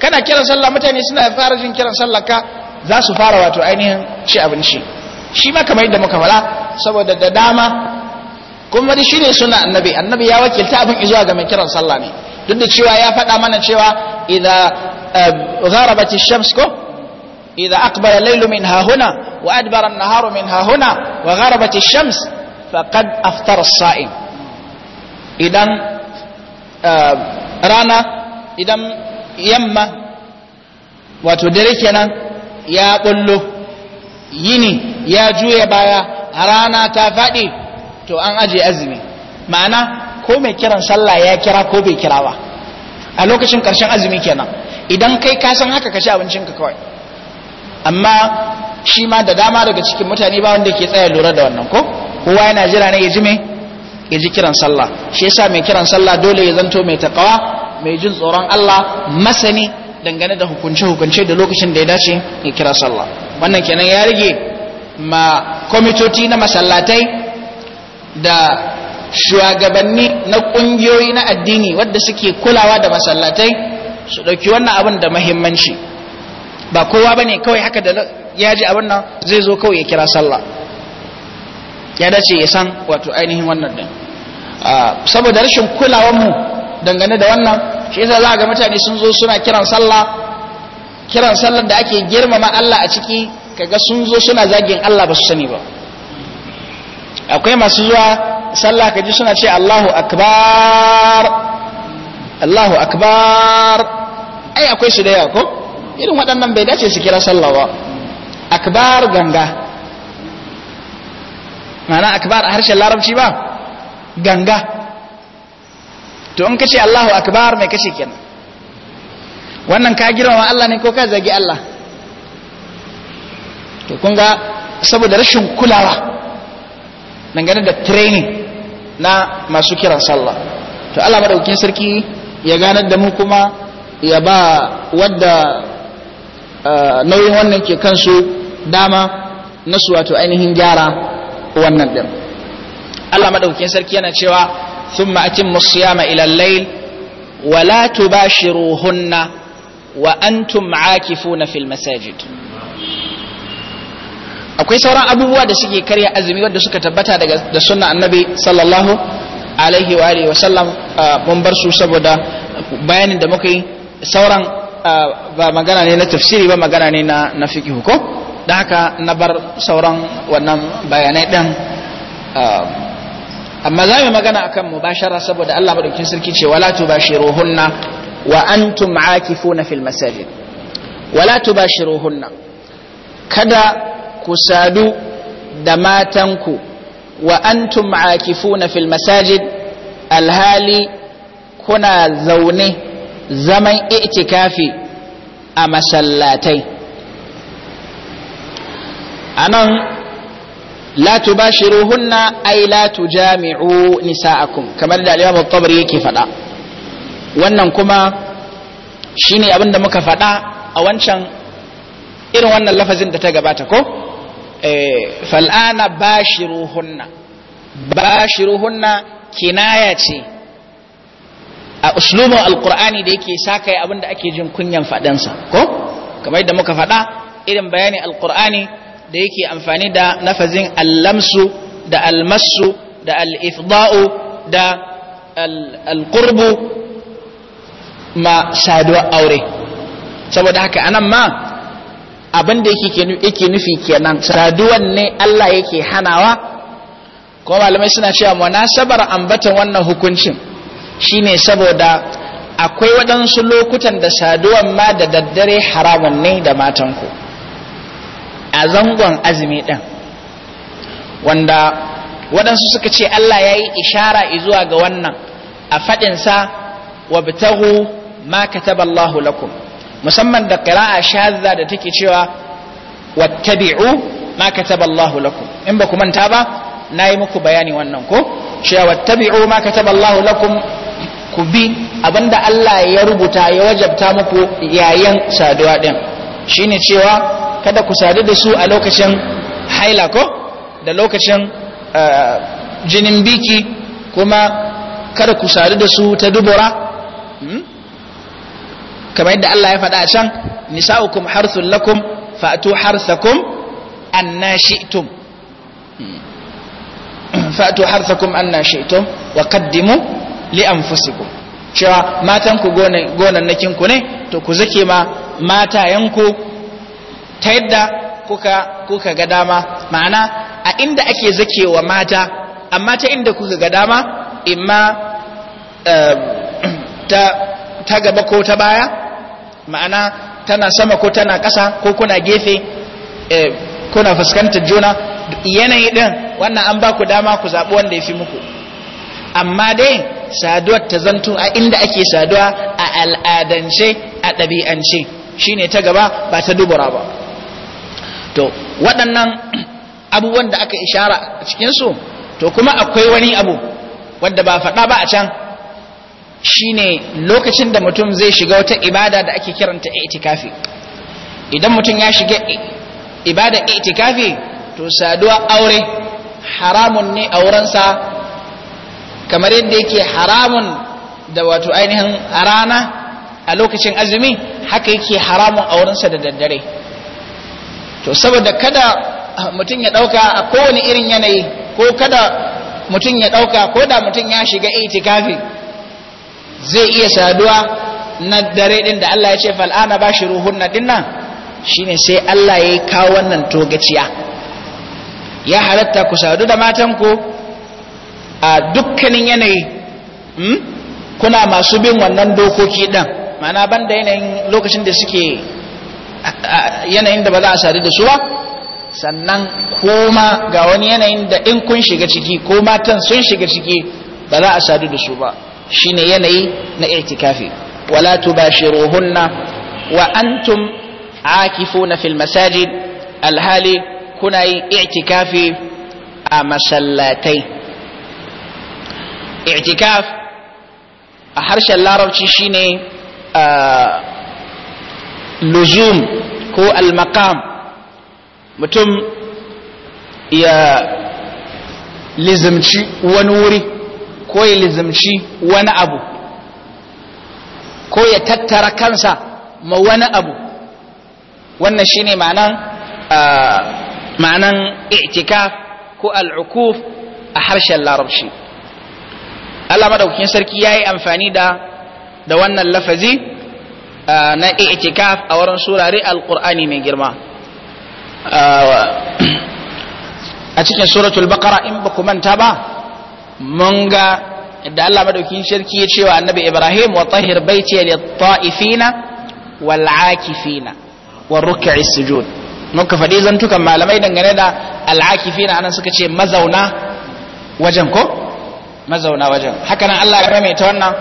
kana kiran sallah mutane suna fara jin kiran sallar ka za su fara wato ainihin ci abinci shi ma kamar yadda muka fara saboda da dama kuma da shi ne suna annabi annabi ya wakilta abin izuwa ga mai kiran sallah ne duk da cewa ya faɗa mana cewa idza غربت الشمس كو إذا أقبل الليل منها هنا وأدبر النهار منها هنا وغربت الشمس فقد أفطر الصائم إذا رانا إذا يمّا وتدركنا يا قلو يني يا جوي بايا رانا تفادي تو أن أجي أزمي معنى ko mai kiran sallah ya kira ko bai kira ba a lokacin ƙarshen azumi kenan idan kai ka san haka ka ci ka kawai amma shi ma da dama daga cikin mutane ba wanda ke tsaya lura da wannan ko kowa yana jira ne ya ji me ya ji kiran sallah shi yasa mai kiran sallah dole ya zanto mai takawa mai jin tsoron Allah masani dangane da hukunce hukunce da lokacin da ya dace ya kira sallah wannan kenan ya rage ma komitoti na masallatai da shugabanni na kungiyoyi na addini wadda suke kulawa da masallatai su ɗauki wannan abin da mahimmanci ba kowa ba ne kawai haka da ya ji abin nan zai zo kawai ya kira sallah ya dace ya san wato ainihin wannan din saboda rashin kulawanmu dangane da wannan shi yasa za ga mutane sun zo suna kiran sallah kiran sallar da ake girmama Allah a ciki kaga sun zo suna zagin Allah ba su sani ba akwai masu zuwa sallah kaji suna ce Allahu akbar Allahu akbar ai akwai su da yawa ko irin waɗannan bai dace su kira sallah ba akbar ganga Mana akbar a harshen larabci ba ganga to in kace Allahu akbar mai kace kenan wannan ka wa Allah ne ko ka zagi Allah to kun ga saboda rashin kulawa dangane da training na masu kiran sallah to Allah madaukin sarki ya ganar da mu kuma ya ba wadda uh, nauyin wannan ke kansu dama na su wato ainihin gyara wannan din Allah madaukakin sarki yana cewa thumma atimmu siyama ila al-layl wa la tubashiruhunna wa antum aakifuna fil masajid akwai sauran abubuwa da suke karya azumi wadda suka tabbata daga da sunna annabi sallallahu alaihi wa alihi wa sallam mun bar su saboda bayanin da muka yi sauran ba magana ne na tafsiri ba magana ne na na fiqh ko da haka na bar sauran wannan bayanai din amma za mu magana akan mubashara saboda Allah madaukakin sarki ce wala tubashiruhunna wa antum aakifuna fil masajid wala tubashiruhunna kada ku sadu da matanku wa antum na fil masajid alhali kuna zaune zaman itikafi a masallatai anan latu bashi ay la tujami'u nisa'akum kamar da al-imam at-tabari yake fada wannan kuma shine abin da muka faɗa a wancan irin wannan lafazin da ta gabata ko Eh, fal'ana bashiruhunna bashiruhunna kinaya ce a uslubin alkur'ani da yake sa yi abinda ake jin kunyan faɗansa ko kamar yadda muka faɗa irin bayani alkur'ani da yake amfani da nafazin allamsu da almasu da al'ifda'u da alkurbu ma saduwa aure saboda haka anan ma abin da yake nufi kenan saduwan ne Allah yake hanawa ko malamai suna cewa munasabar ambatan wannan hukuncin shine saboda akwai waɗansu lokutan da saduwan ma da daddare haramun ne da matanku a zangon azumi ɗin wanda waɗansu suka ce Allah ya yi ishara izuwa ga wannan a faɗinsa wa bitahu ma kataballahu lakum musamman da qira'a shadda da take cewa wattabi'u ma kataba Allahu lakum in ba ku manta ba nayi muku bayani wannan ko cewa wattabi'u ma kataba Allahu lakum ku bi abinda Allah ya rubuta ya wajabta muku yayin saduwa din shine cewa kada ku sadu da su a lokacin haila ko da lokacin eh, jinin biki kuma kada ku sadu da su ta dubura kamar yadda Allah ya faɗa a can nisa'ukum harsul lakum fa'tu harsakum anna shi'tum hmm. fa'tu harsakum anna shi'tum wa qaddimu li anfusikum cewa matan ku gonannakin ku ne to ku zake ma matayenku ta yadda kuka kuka ga dama ma'ana a inda ake zakewa mata amma ta inda kuka ga dama imma eh, ta ta gaba ko ta baya ma'ana tana sama ko tana ƙasa ko kuna gefe eh, kuna fuskantar juna yanayi ɗin wannan an ba ku dama ku zaɓi wanda ya fi muku amma dai saduwar ta zanto a inda ake saduwa a al'adance a ɗabi'ance shine ta gaba ba ta dubura ba to waɗannan abubuwan da aka ishara a cikinsu to kuma akwai wani abu wanda ba faɗa ba a can shine lokacin da mutum zai shiga wata ibada da ake kiranta itikafi idan mutum ya shiga ibada itikafi to saduwa aure haramun ne aurensa kamar yadda yake haramun da wato ainihin rana a lokacin azumi haka yake haramun aurensa da daddare to saboda kada mutum ya dauka a kowane irin yanayi ko kada mutum ya dauka ko da mutum ya shiga itikafi zai iya saduwa na dare din da Allah ya ce fal'ana ba shi ruhunna na nan shine sai Allah ya kawo wannan togaciya ya halatta ku sadu da matanku a dukkanin yanayi hmm? kuna masu bin wannan dokoki din ma'ana banda yanayin lokacin da suke yanayin da ba za a sadu da su ba sannan koma ga wani yanayin da in kun shiga ciki ko matan sun shiga ciki ba za a sadu da su ba shine yanayi na i'tikafi wala tubashiruhunna wa antum akifuna fil masajid alhali kuna yin i'tikafi a masallatai i'tikaf a harshen larabci shine luzum ko almakam mutum ya lizimci wani wuri ko ya lizimci wani abu ko ya tattara kansa ma wani abu wannan shine ma'anan ma'anan i'tikaf ko al'ukuf a harshen larabci Allah madaukakin sarki ya yi amfani da da wannan lafazi na i'tikaf a wurin surare Alƙur'ani mai girma a cikin suratul baqara in ba ku manta ba munga. da Allah madaukin sarki ya cewa annabi Ibrahim wa tahir baiti ta'ifina wal akifina ruk'i sujud muka fadi zantukan malamai dangane da al akifina anan suka ce mazauna wajen ko mazauna wajen haka nan Allah ya wannan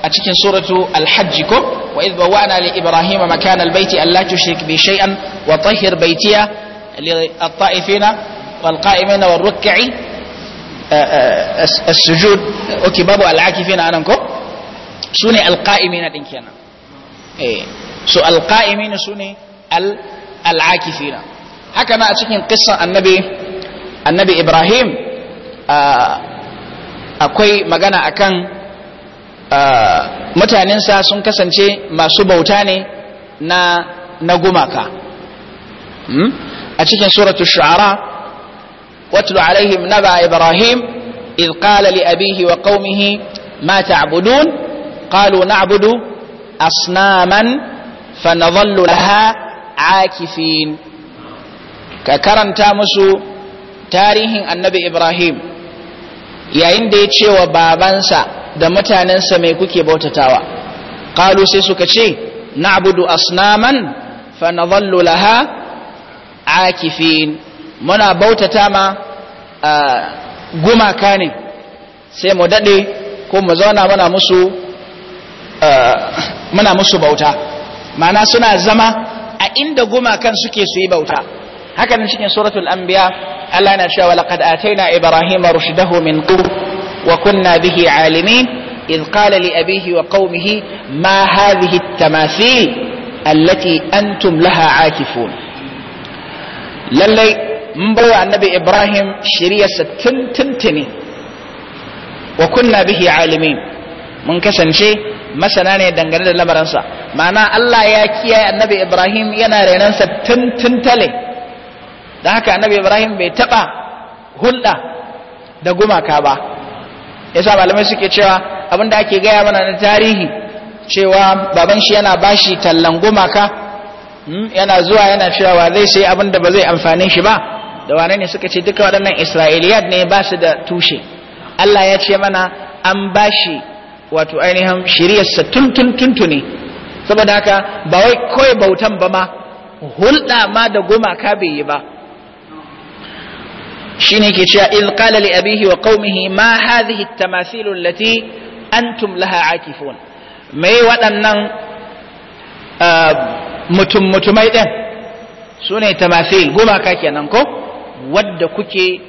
a cikin suratu al-hajj ko wa idh bawana li ibrahima makana al-baiti alla tushrik bi shay'an wa taifina wal qa'imina ruk'i Eh, eh, as-sujud okay babu al-akifina anan ko sune al-qa'imina din kenan eh so al-qa'imina sune al-akifina haka na a cikin qissan annabi annabi Ibrahim akwai magana akan mutanen sa sun kasance masu bauta ne na na gumaka hmm? a cikin suratul shu'ara واتل عليهم نبأ إبراهيم إذ قال لأبيه وقومه ما تعبدون قالوا نعبد أصناما فنظل لها عاكفين ككرن تامسو تاريخ النبي إبراهيم yayin da ya ce wa babansa da mutanensa mai kuke bautatawa ƙalu sai suka ce na'budu asnaman fa nadhallu laha akifin muna bautata ma gumaka ne sai mu daɗe ko mu zauna muna musu muna musu bauta mana suna zama a inda gumakan suke su yi bauta haka nan cikin suratul anbiya Allah na cewa laqad ataina ibrahima rushdahu min qabl wa kunna bihi alimin idh qala li abihi wa qaumihi ma hadhihi at-tamathil allati antum laha akifun lallai mun bai wa annabi ibrahim shiryarsa tuntuntuni wa kunna bihi alimin mun kasance masana ne dangane da lamaransa ma'ana allah ya kiyaye annabi ibrahim yana renansa tuntuntale da haka annabi ibrahim bai taɓa hulɗa da gumaka ba yasa malamai suke cewa abinda ake gaya mana na tarihi cewa baban shi yana bashi tallan gumaka hmm, yana zuwa yana cewa zai sai abin da ba zai amfani shi ba da wane ne suka ce duka waɗannan isra'iliyat ne ba su da tushe Allah ya ce mana an ba shi wato ainihin shiriyarsa tuntun saboda haka ba wai kawai bautan ba ma hulɗa ma da gumaka bai yi ba shine ke cewa iz qala li abihi wa qaumihi ma hadhihi at-tamathil an laha akifun me waɗannan ah, mutum mutumai din sune tamathil gumaka kenan ko wadda kuke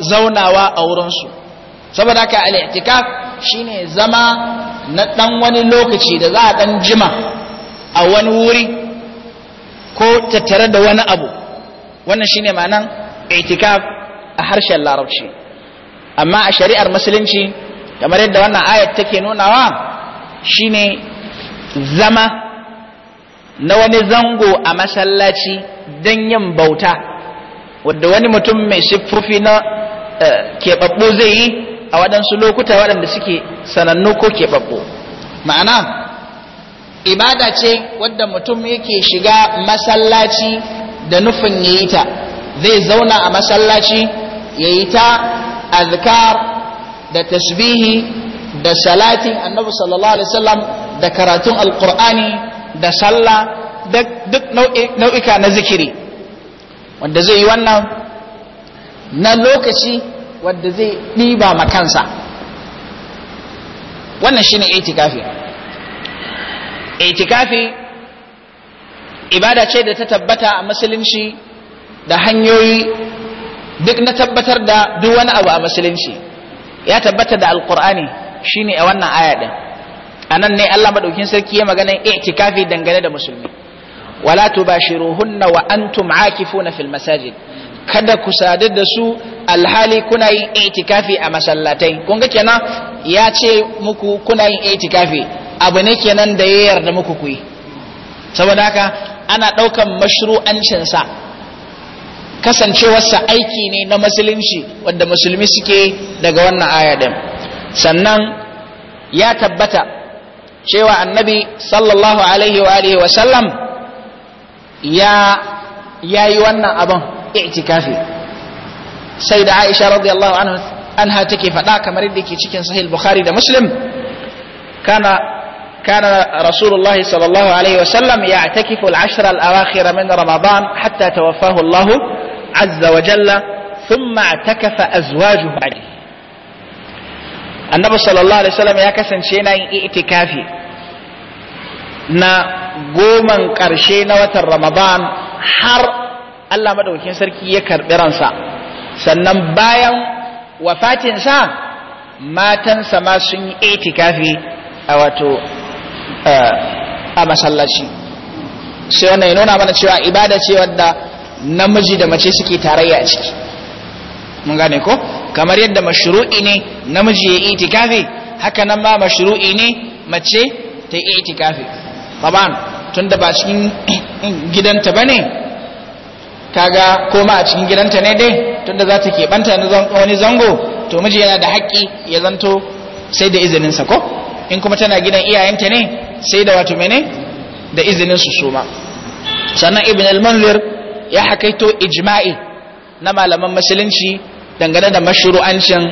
zaunawa a wurinsu saboda haka al'itikaf ne zama na ɗan wani lokaci da za a ɗan jima a wani wuri ko tattare da wani abu wannan shi ne ma'anan itikaf a harshen larabci amma a shari'ar musulunci kamar yadda wannan ayat take nunawa ne zama na wani zango a masallaci don yin bauta Wadda wani mutum mai siffofi na eh, keɓaɓɓu zai yi a waɗansu lokuta waɗanda suke sanannu ko keɓaɓɓu ma'ana ibada ce wadda mutum yake shiga masallaci da nufin ya yi ta zai zauna a masallaci ya yi ta azkar da tasbihi da salatin annabu sallallahu alaihi wasallam da karatun alkur'ani da sallah duk nau'ika na zikiri wanda zai yi wannan na lokaci wanda zai ɗiba makansa wannan shine itikafi itikafi ibada ce da ta tabbata a musulunci da hanyoyi duk na tabbatar da duk wani abu a musulunci ya tabbata da alkur'ani shine a wannan aya din anan ne Allah madaukin sarki ya magana itikafi dangane da musulmi wala tubashiruhunna wa antum akifuna fil masajid kada ku sadu da su alhali kuna yin itikafi a masallatai kun ga kenan ya ce muku kuna yin itikafi abu ne kenan da ya yarda muku kuyi. saboda haka ana ɗaukan mashru'ancin sa kasancewarsa aiki ne na musulunci wanda musulmi suke daga wannan aya din sannan ya tabbata cewa annabi sallallahu alaihi wa alihi wa sallam يا يا wannan abin i'tikafi sai da Aisha radiyallahu anha anha take faɗa كما yadda ke صحيح البخاري bukhari مسلم كان كان رسول الله صلى الله عليه وسلم يعتكف العشر الأواخر من رمضان حتى توفاه الله عز وجل ثم اعتكف أزواجه عليه النبي صلى الله عليه وسلم يكسن شينا اعتكافي نا goman ƙarshe na watan Ramadan har Allah madaukakin sarki ya karɓi ransa sannan bayan wafatinsa matansa ma sun yi itikafi a wato a masallaci sai wannan ya nuna mana cewa ibada ce wadda namiji da mace suke tarayya a ciki mun gane ko kamar yadda mashru'i ne namiji ya yi itikafi haka nan ma mashru'i ne mace ta yi itikafi taban tunda ba cikin gidanta bane kaga koma a cikin gidanta ne dai tunda za ta keɓanta wani zango to miji yana da haƙƙi ya zanto sai da izininsa ko in kuma tana gidan iyayenta ne sai da wato mene da izinin su ma sannan ibn al-munzir ya hakaito ijma'i na malaman musulunci dangane da mashru'ancin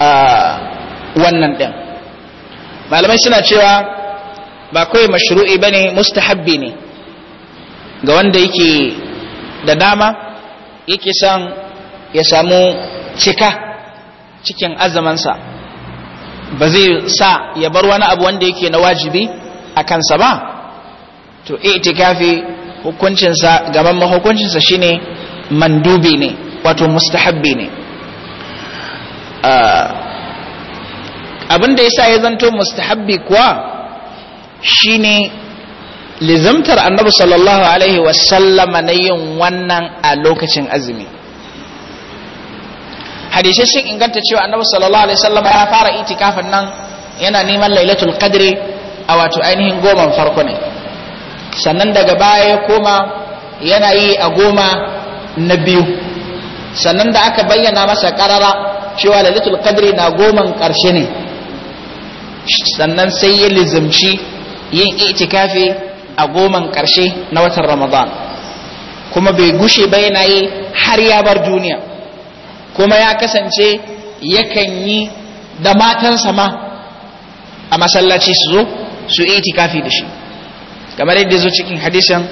ah, wannan ɗin. malamai suna cewa ba kawai mashru'i bane mustahabbi ne ga wanda yake da dama yake san ya samu cika cikin azamansa ba zai sa ya bar wani abu wanda yake na wajibi a kansa ba to itikafi hukuncinsa gaban mahukuncinsa shine mandubi ne wato mustahabbi ne ah, abinda da sa ya zanto mustahabbi kuwa shine lizamtar annabi sallallahu alaihi wasallama na yin wannan a lokacin azumi hadisai sun inganta cewa annabi sallallahu alaihi wasallama ya fara itikafin nan yana neman lailatul qadri a wato ainihin goman farko ne sannan daga baya ya koma yana yi a goma na biyu sannan da aka bayyana masa karara cewa lailatul qadri na goman karshe ne sannan sai ya lizamci. yin itikafi a goman ƙarshe na watan ramadan kuma bai gushe ba yana yi har ya bar duniya kuma ya kasance yakan yi da matan sama a masallaci su zo su itikafi da shi kamar yadda zo cikin hadisin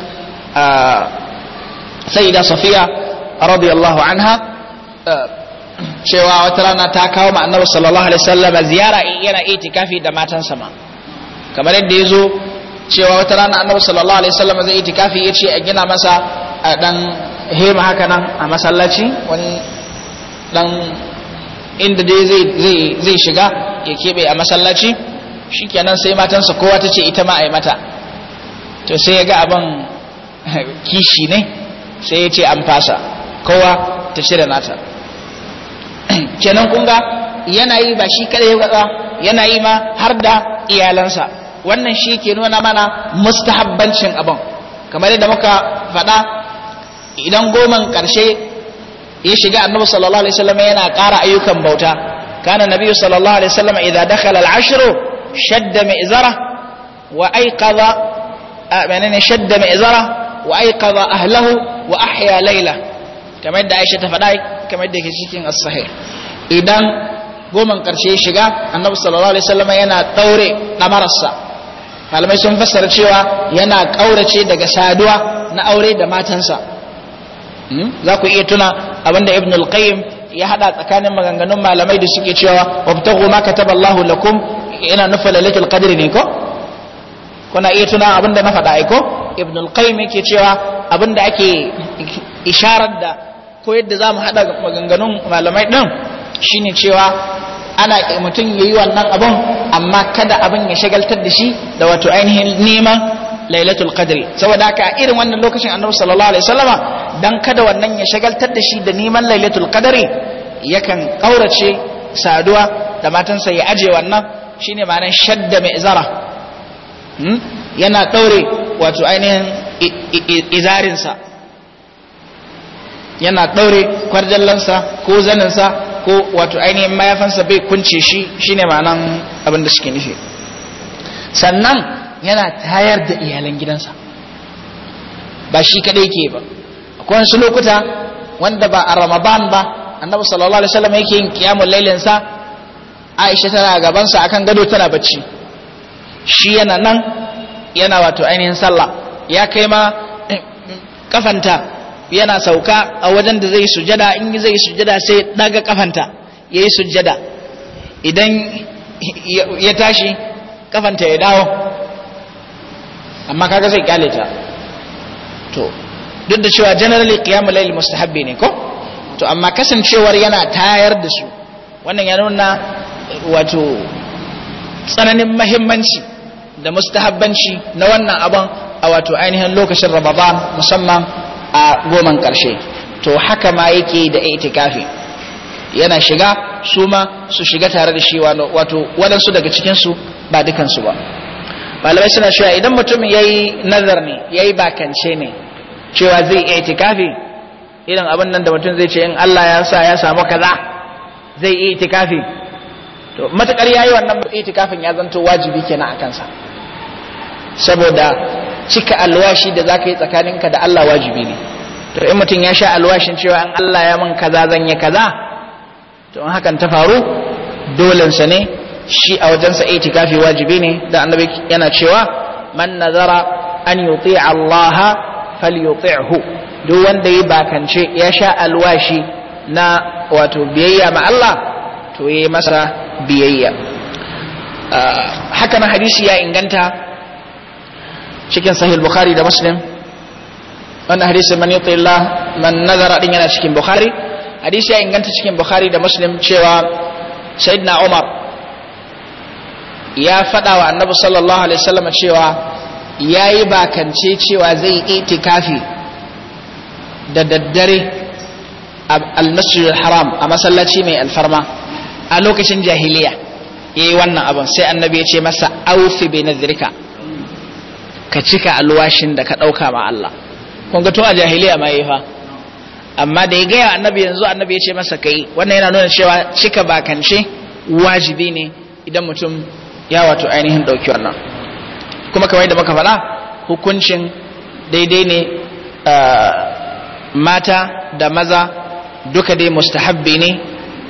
sayyida safiya radiyallahu anha cewa wata rana ta kawo ma annabi sallallahu alaihi wasallam ziyara yana itikafi da matan sama. kamar yadda ya zo cewa wata rana annabi sallallahu alaihi wasallam zai itikafi ya ce a gina masa a dan hema haka nan a masallaci wani dan inda dai zai zai shiga ya kebe a masallaci shikenan sai matansa kowa ta ita ma a yi mata to sai ya ga abin kishi ne sai ya ce an fasa kowa ta shirya nata kenan kunga yana yi ba shi kada ya gwada yana yi ma har da iyalansa wannan shi ke nuna mana mustahabbancin abin kamar yadda muka faɗa idan goman ƙarshe ya shiga annabi sallallahu alaihi wasallam yana ƙara ayyukan bauta kana nabi sallallahu alaihi wasallam idza dakhala al-ashr shadda mi'zara wa ayqadha menene shadda mi'zara wa ayqadha ahlahu wa ahya layla kamar yadda Aisha ta faɗa kamar yadda ke cikin as-sahih idan goman ƙarshe shiga annabi sallallahu alaihi wasallam yana daure damararsa malamai sun fassara cewa yana ƙaurace daga saduwa na aure da matansa hmm? za ku iya tuna abinda ibn al-qayyim ya hada tsakanin maganganun malamai da suke cewa wabtaghu ma kataballahu lakum yana nufa lailatul qadr ne ko kuna iya tuna abinda na faɗa ai ko ibn al-qayyim yake cewa abinda ake isharar da ko yadda zamu hada maganganun malamai din shine cewa ana mutum yayi wannan abun amma kada abin ya shagaltar da shi da wato ainihin neman lailatul qadri saboda haka a irin wannan lokacin annabi sallallahu alaihi wasallama dan kada wannan ya shagaltar da shi da neman lailatul qadri yakan kaurace saduwa da matansa ya aje wannan shine ma'anar shadda mai zara hmm? yana daure wato ainihin izarinsa yana daure kwarjallansa ko zaninsa ko wato ainihin mayafansa bai kunce shi shine ma'anan abinda suke nufi sannan yana tayar da iyalan gidansa ba shi kadai ke ba akwai wasu lokuta wanda ba a ramadan ba annabi sallallahu alaihi wasallam yake yin qiyamul lailin sa aisha tana gaban sa akan gado tana bacci shi yana nan yana wato ainihin sallah ya kai ma eh, kafanta yana sauka a wajen da zai sujada in zai sujada sai daga kafanta yayi sujada idan ya tashi kafanta ya dawo amma kaga zai kyale ta to duk da cewa generally qiyamul layl mustahabbi ne ko to amma kasancewar yana tayar da su wannan ya nuna wato tsananin mahimmanci da mustahabbanci na wannan abin a wato ainihin lokacin Ramadan musamman a goman karshe to haka ma yake da itikafi yana shiga su ma su shiga tare da shi wato waɗansu daga cikinsu ba dukansu ba malamai suna cewa idan mutum ya yi nazar ne ya yi bakance ne cewa zai itikafi idan abin nan da mutum zai ce in Allah ya sa ya samu kaza zai iya itikafi to matakar ya yi wannan itikafin ya zanto wajibi kenan a kansa saboda cika alwashi da zaka yi tsakaninka da Allah wajibi ne to in mutum ya sha alwashin cewa an Allah ya mun kaza zan yi kaza to in hakan ta faru dolen sa ne shi a wajensa itikafi wajibi ne da annabi yana cewa man nazara an yuti Allah falyuti'hu duk wanda ya bakance ya sha alwashi na wato biyayya ma Allah to yayi masa biyayya ah, haka na hadisi ya inganta cikin sahih bukhari da muslim wannan hadisin man yuti Allah man nazara din yana cikin bukhari hadisi ya inganta cikin bukhari da muslim cewa sayyidina umar ya faɗa wa annabi sallallahu alaihi wasallam cewa yayi bakance cewa zai itikafi da daddare al-masjid al-haram a masallaci mai alfarma a lokacin jahiliya yayi wannan abin sai annabi ya ce masa aufi bi nadhrika ka cika alwashin da ka ɗauka ma Allah kun ga tun a jahiliya ma yi fa amma da ya gaya annabi yanzu annabi ya ce masa kai wannan yana nuna cewa cika bakance wajibi ne idan mutum ya wato ainihin ɗauki wannan kuma kamar yadda muka faɗa hukuncin daidai ne mata da maza duka dai mustahabbi ne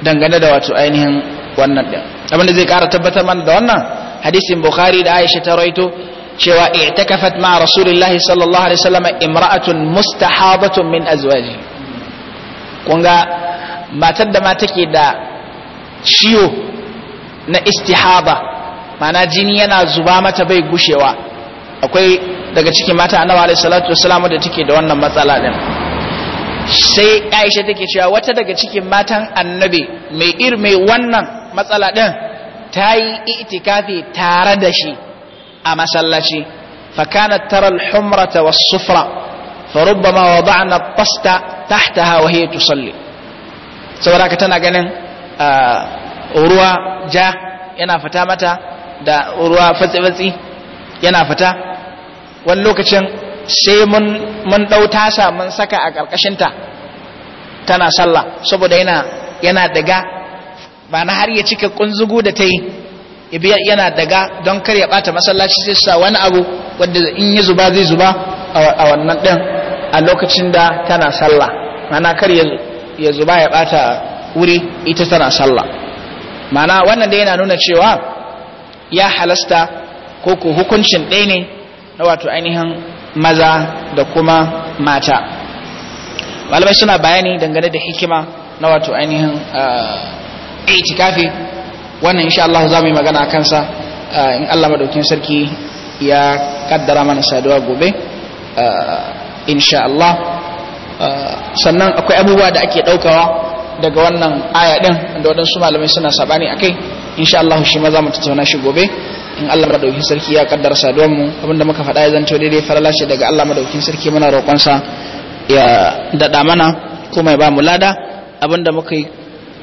dangane da wato ainihin wannan ɗin abinda zai ƙara tabbatar mana da wannan hadisin bukhari da aisha ta raito. cewa i'takafat ma rasulillahi sallallahu alaihi wasallam imra'atun mustahabatun min azwaji Kunga matar da ma take da ciwo na istihaba mana jini yana zuba mata bai gushewa akwai daga cikin mata annabi alaihi salatu wasallam da take da wannan matsala din sai aisha take cewa wata daga cikin matan annabi mai ir mai wannan matsala din ta yi itikafi tare da shi a masallaci fakanat tara al-humrata was-sufra farubbama wada'na at-tasta tahtaha wa hiya tusalli saboda ka tana ganin ruwa ja yana fita mata da ruwa fatsi-fatsi yana fita wani lokacin sai mun mun dau tasa mun saka a ƙarƙashinta tana sallah saboda yana yana daga ba na har ya cika kunzugu da ta yi yana daga don kar ya bata masallaci sai sa wani abu wanda in ya zuba zai zuba a wannan din a lokacin da tana sallah mana kar ya zuba ya bata wuri ita tana sallah mana wannan da yana nuna cewa ya halasta ko hukuncin ɗaya ne na wato ainihin maza da kuma mata malamai suna bayani dangane da hikima na wato ainihin eh, itikafi wannan insha Allah za mu yi magana a kansa eh, in Allah madaukin sarki ya kaddara mana saduwa gobe eh, insha Allah eh, sannan akwai abubuwa da ake daukawa daga wannan aya din da wadansu malamai suna sabani akai insha Allah shi ma za mu tattauna shi gobe in Allah madaukin sarki ya kaddara saduwar mu abinda muka faɗa ya zanto daidai farala shi daga Allah madaukin sarki muna roƙon sa ya dada mana kuma ya ba mu lada abinda muka yi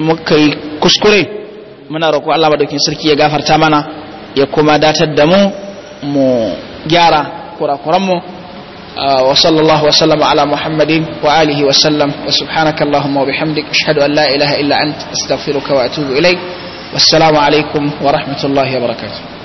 muka yi kuskure muna roƙo Allah madaukin sarki ya gafarta mana ya kuma datar da mu mu gyara kurakuran mu ah, wa sallallahu wa sallama ala muhammadin wa alihi wa sallam wa subhanaka allahumma wa bihamdik ashhadu an la ilaha illa ant astaghfiruka wa atubu ilaik wassalamu alaikum wa rahmatullahi wa barakatuh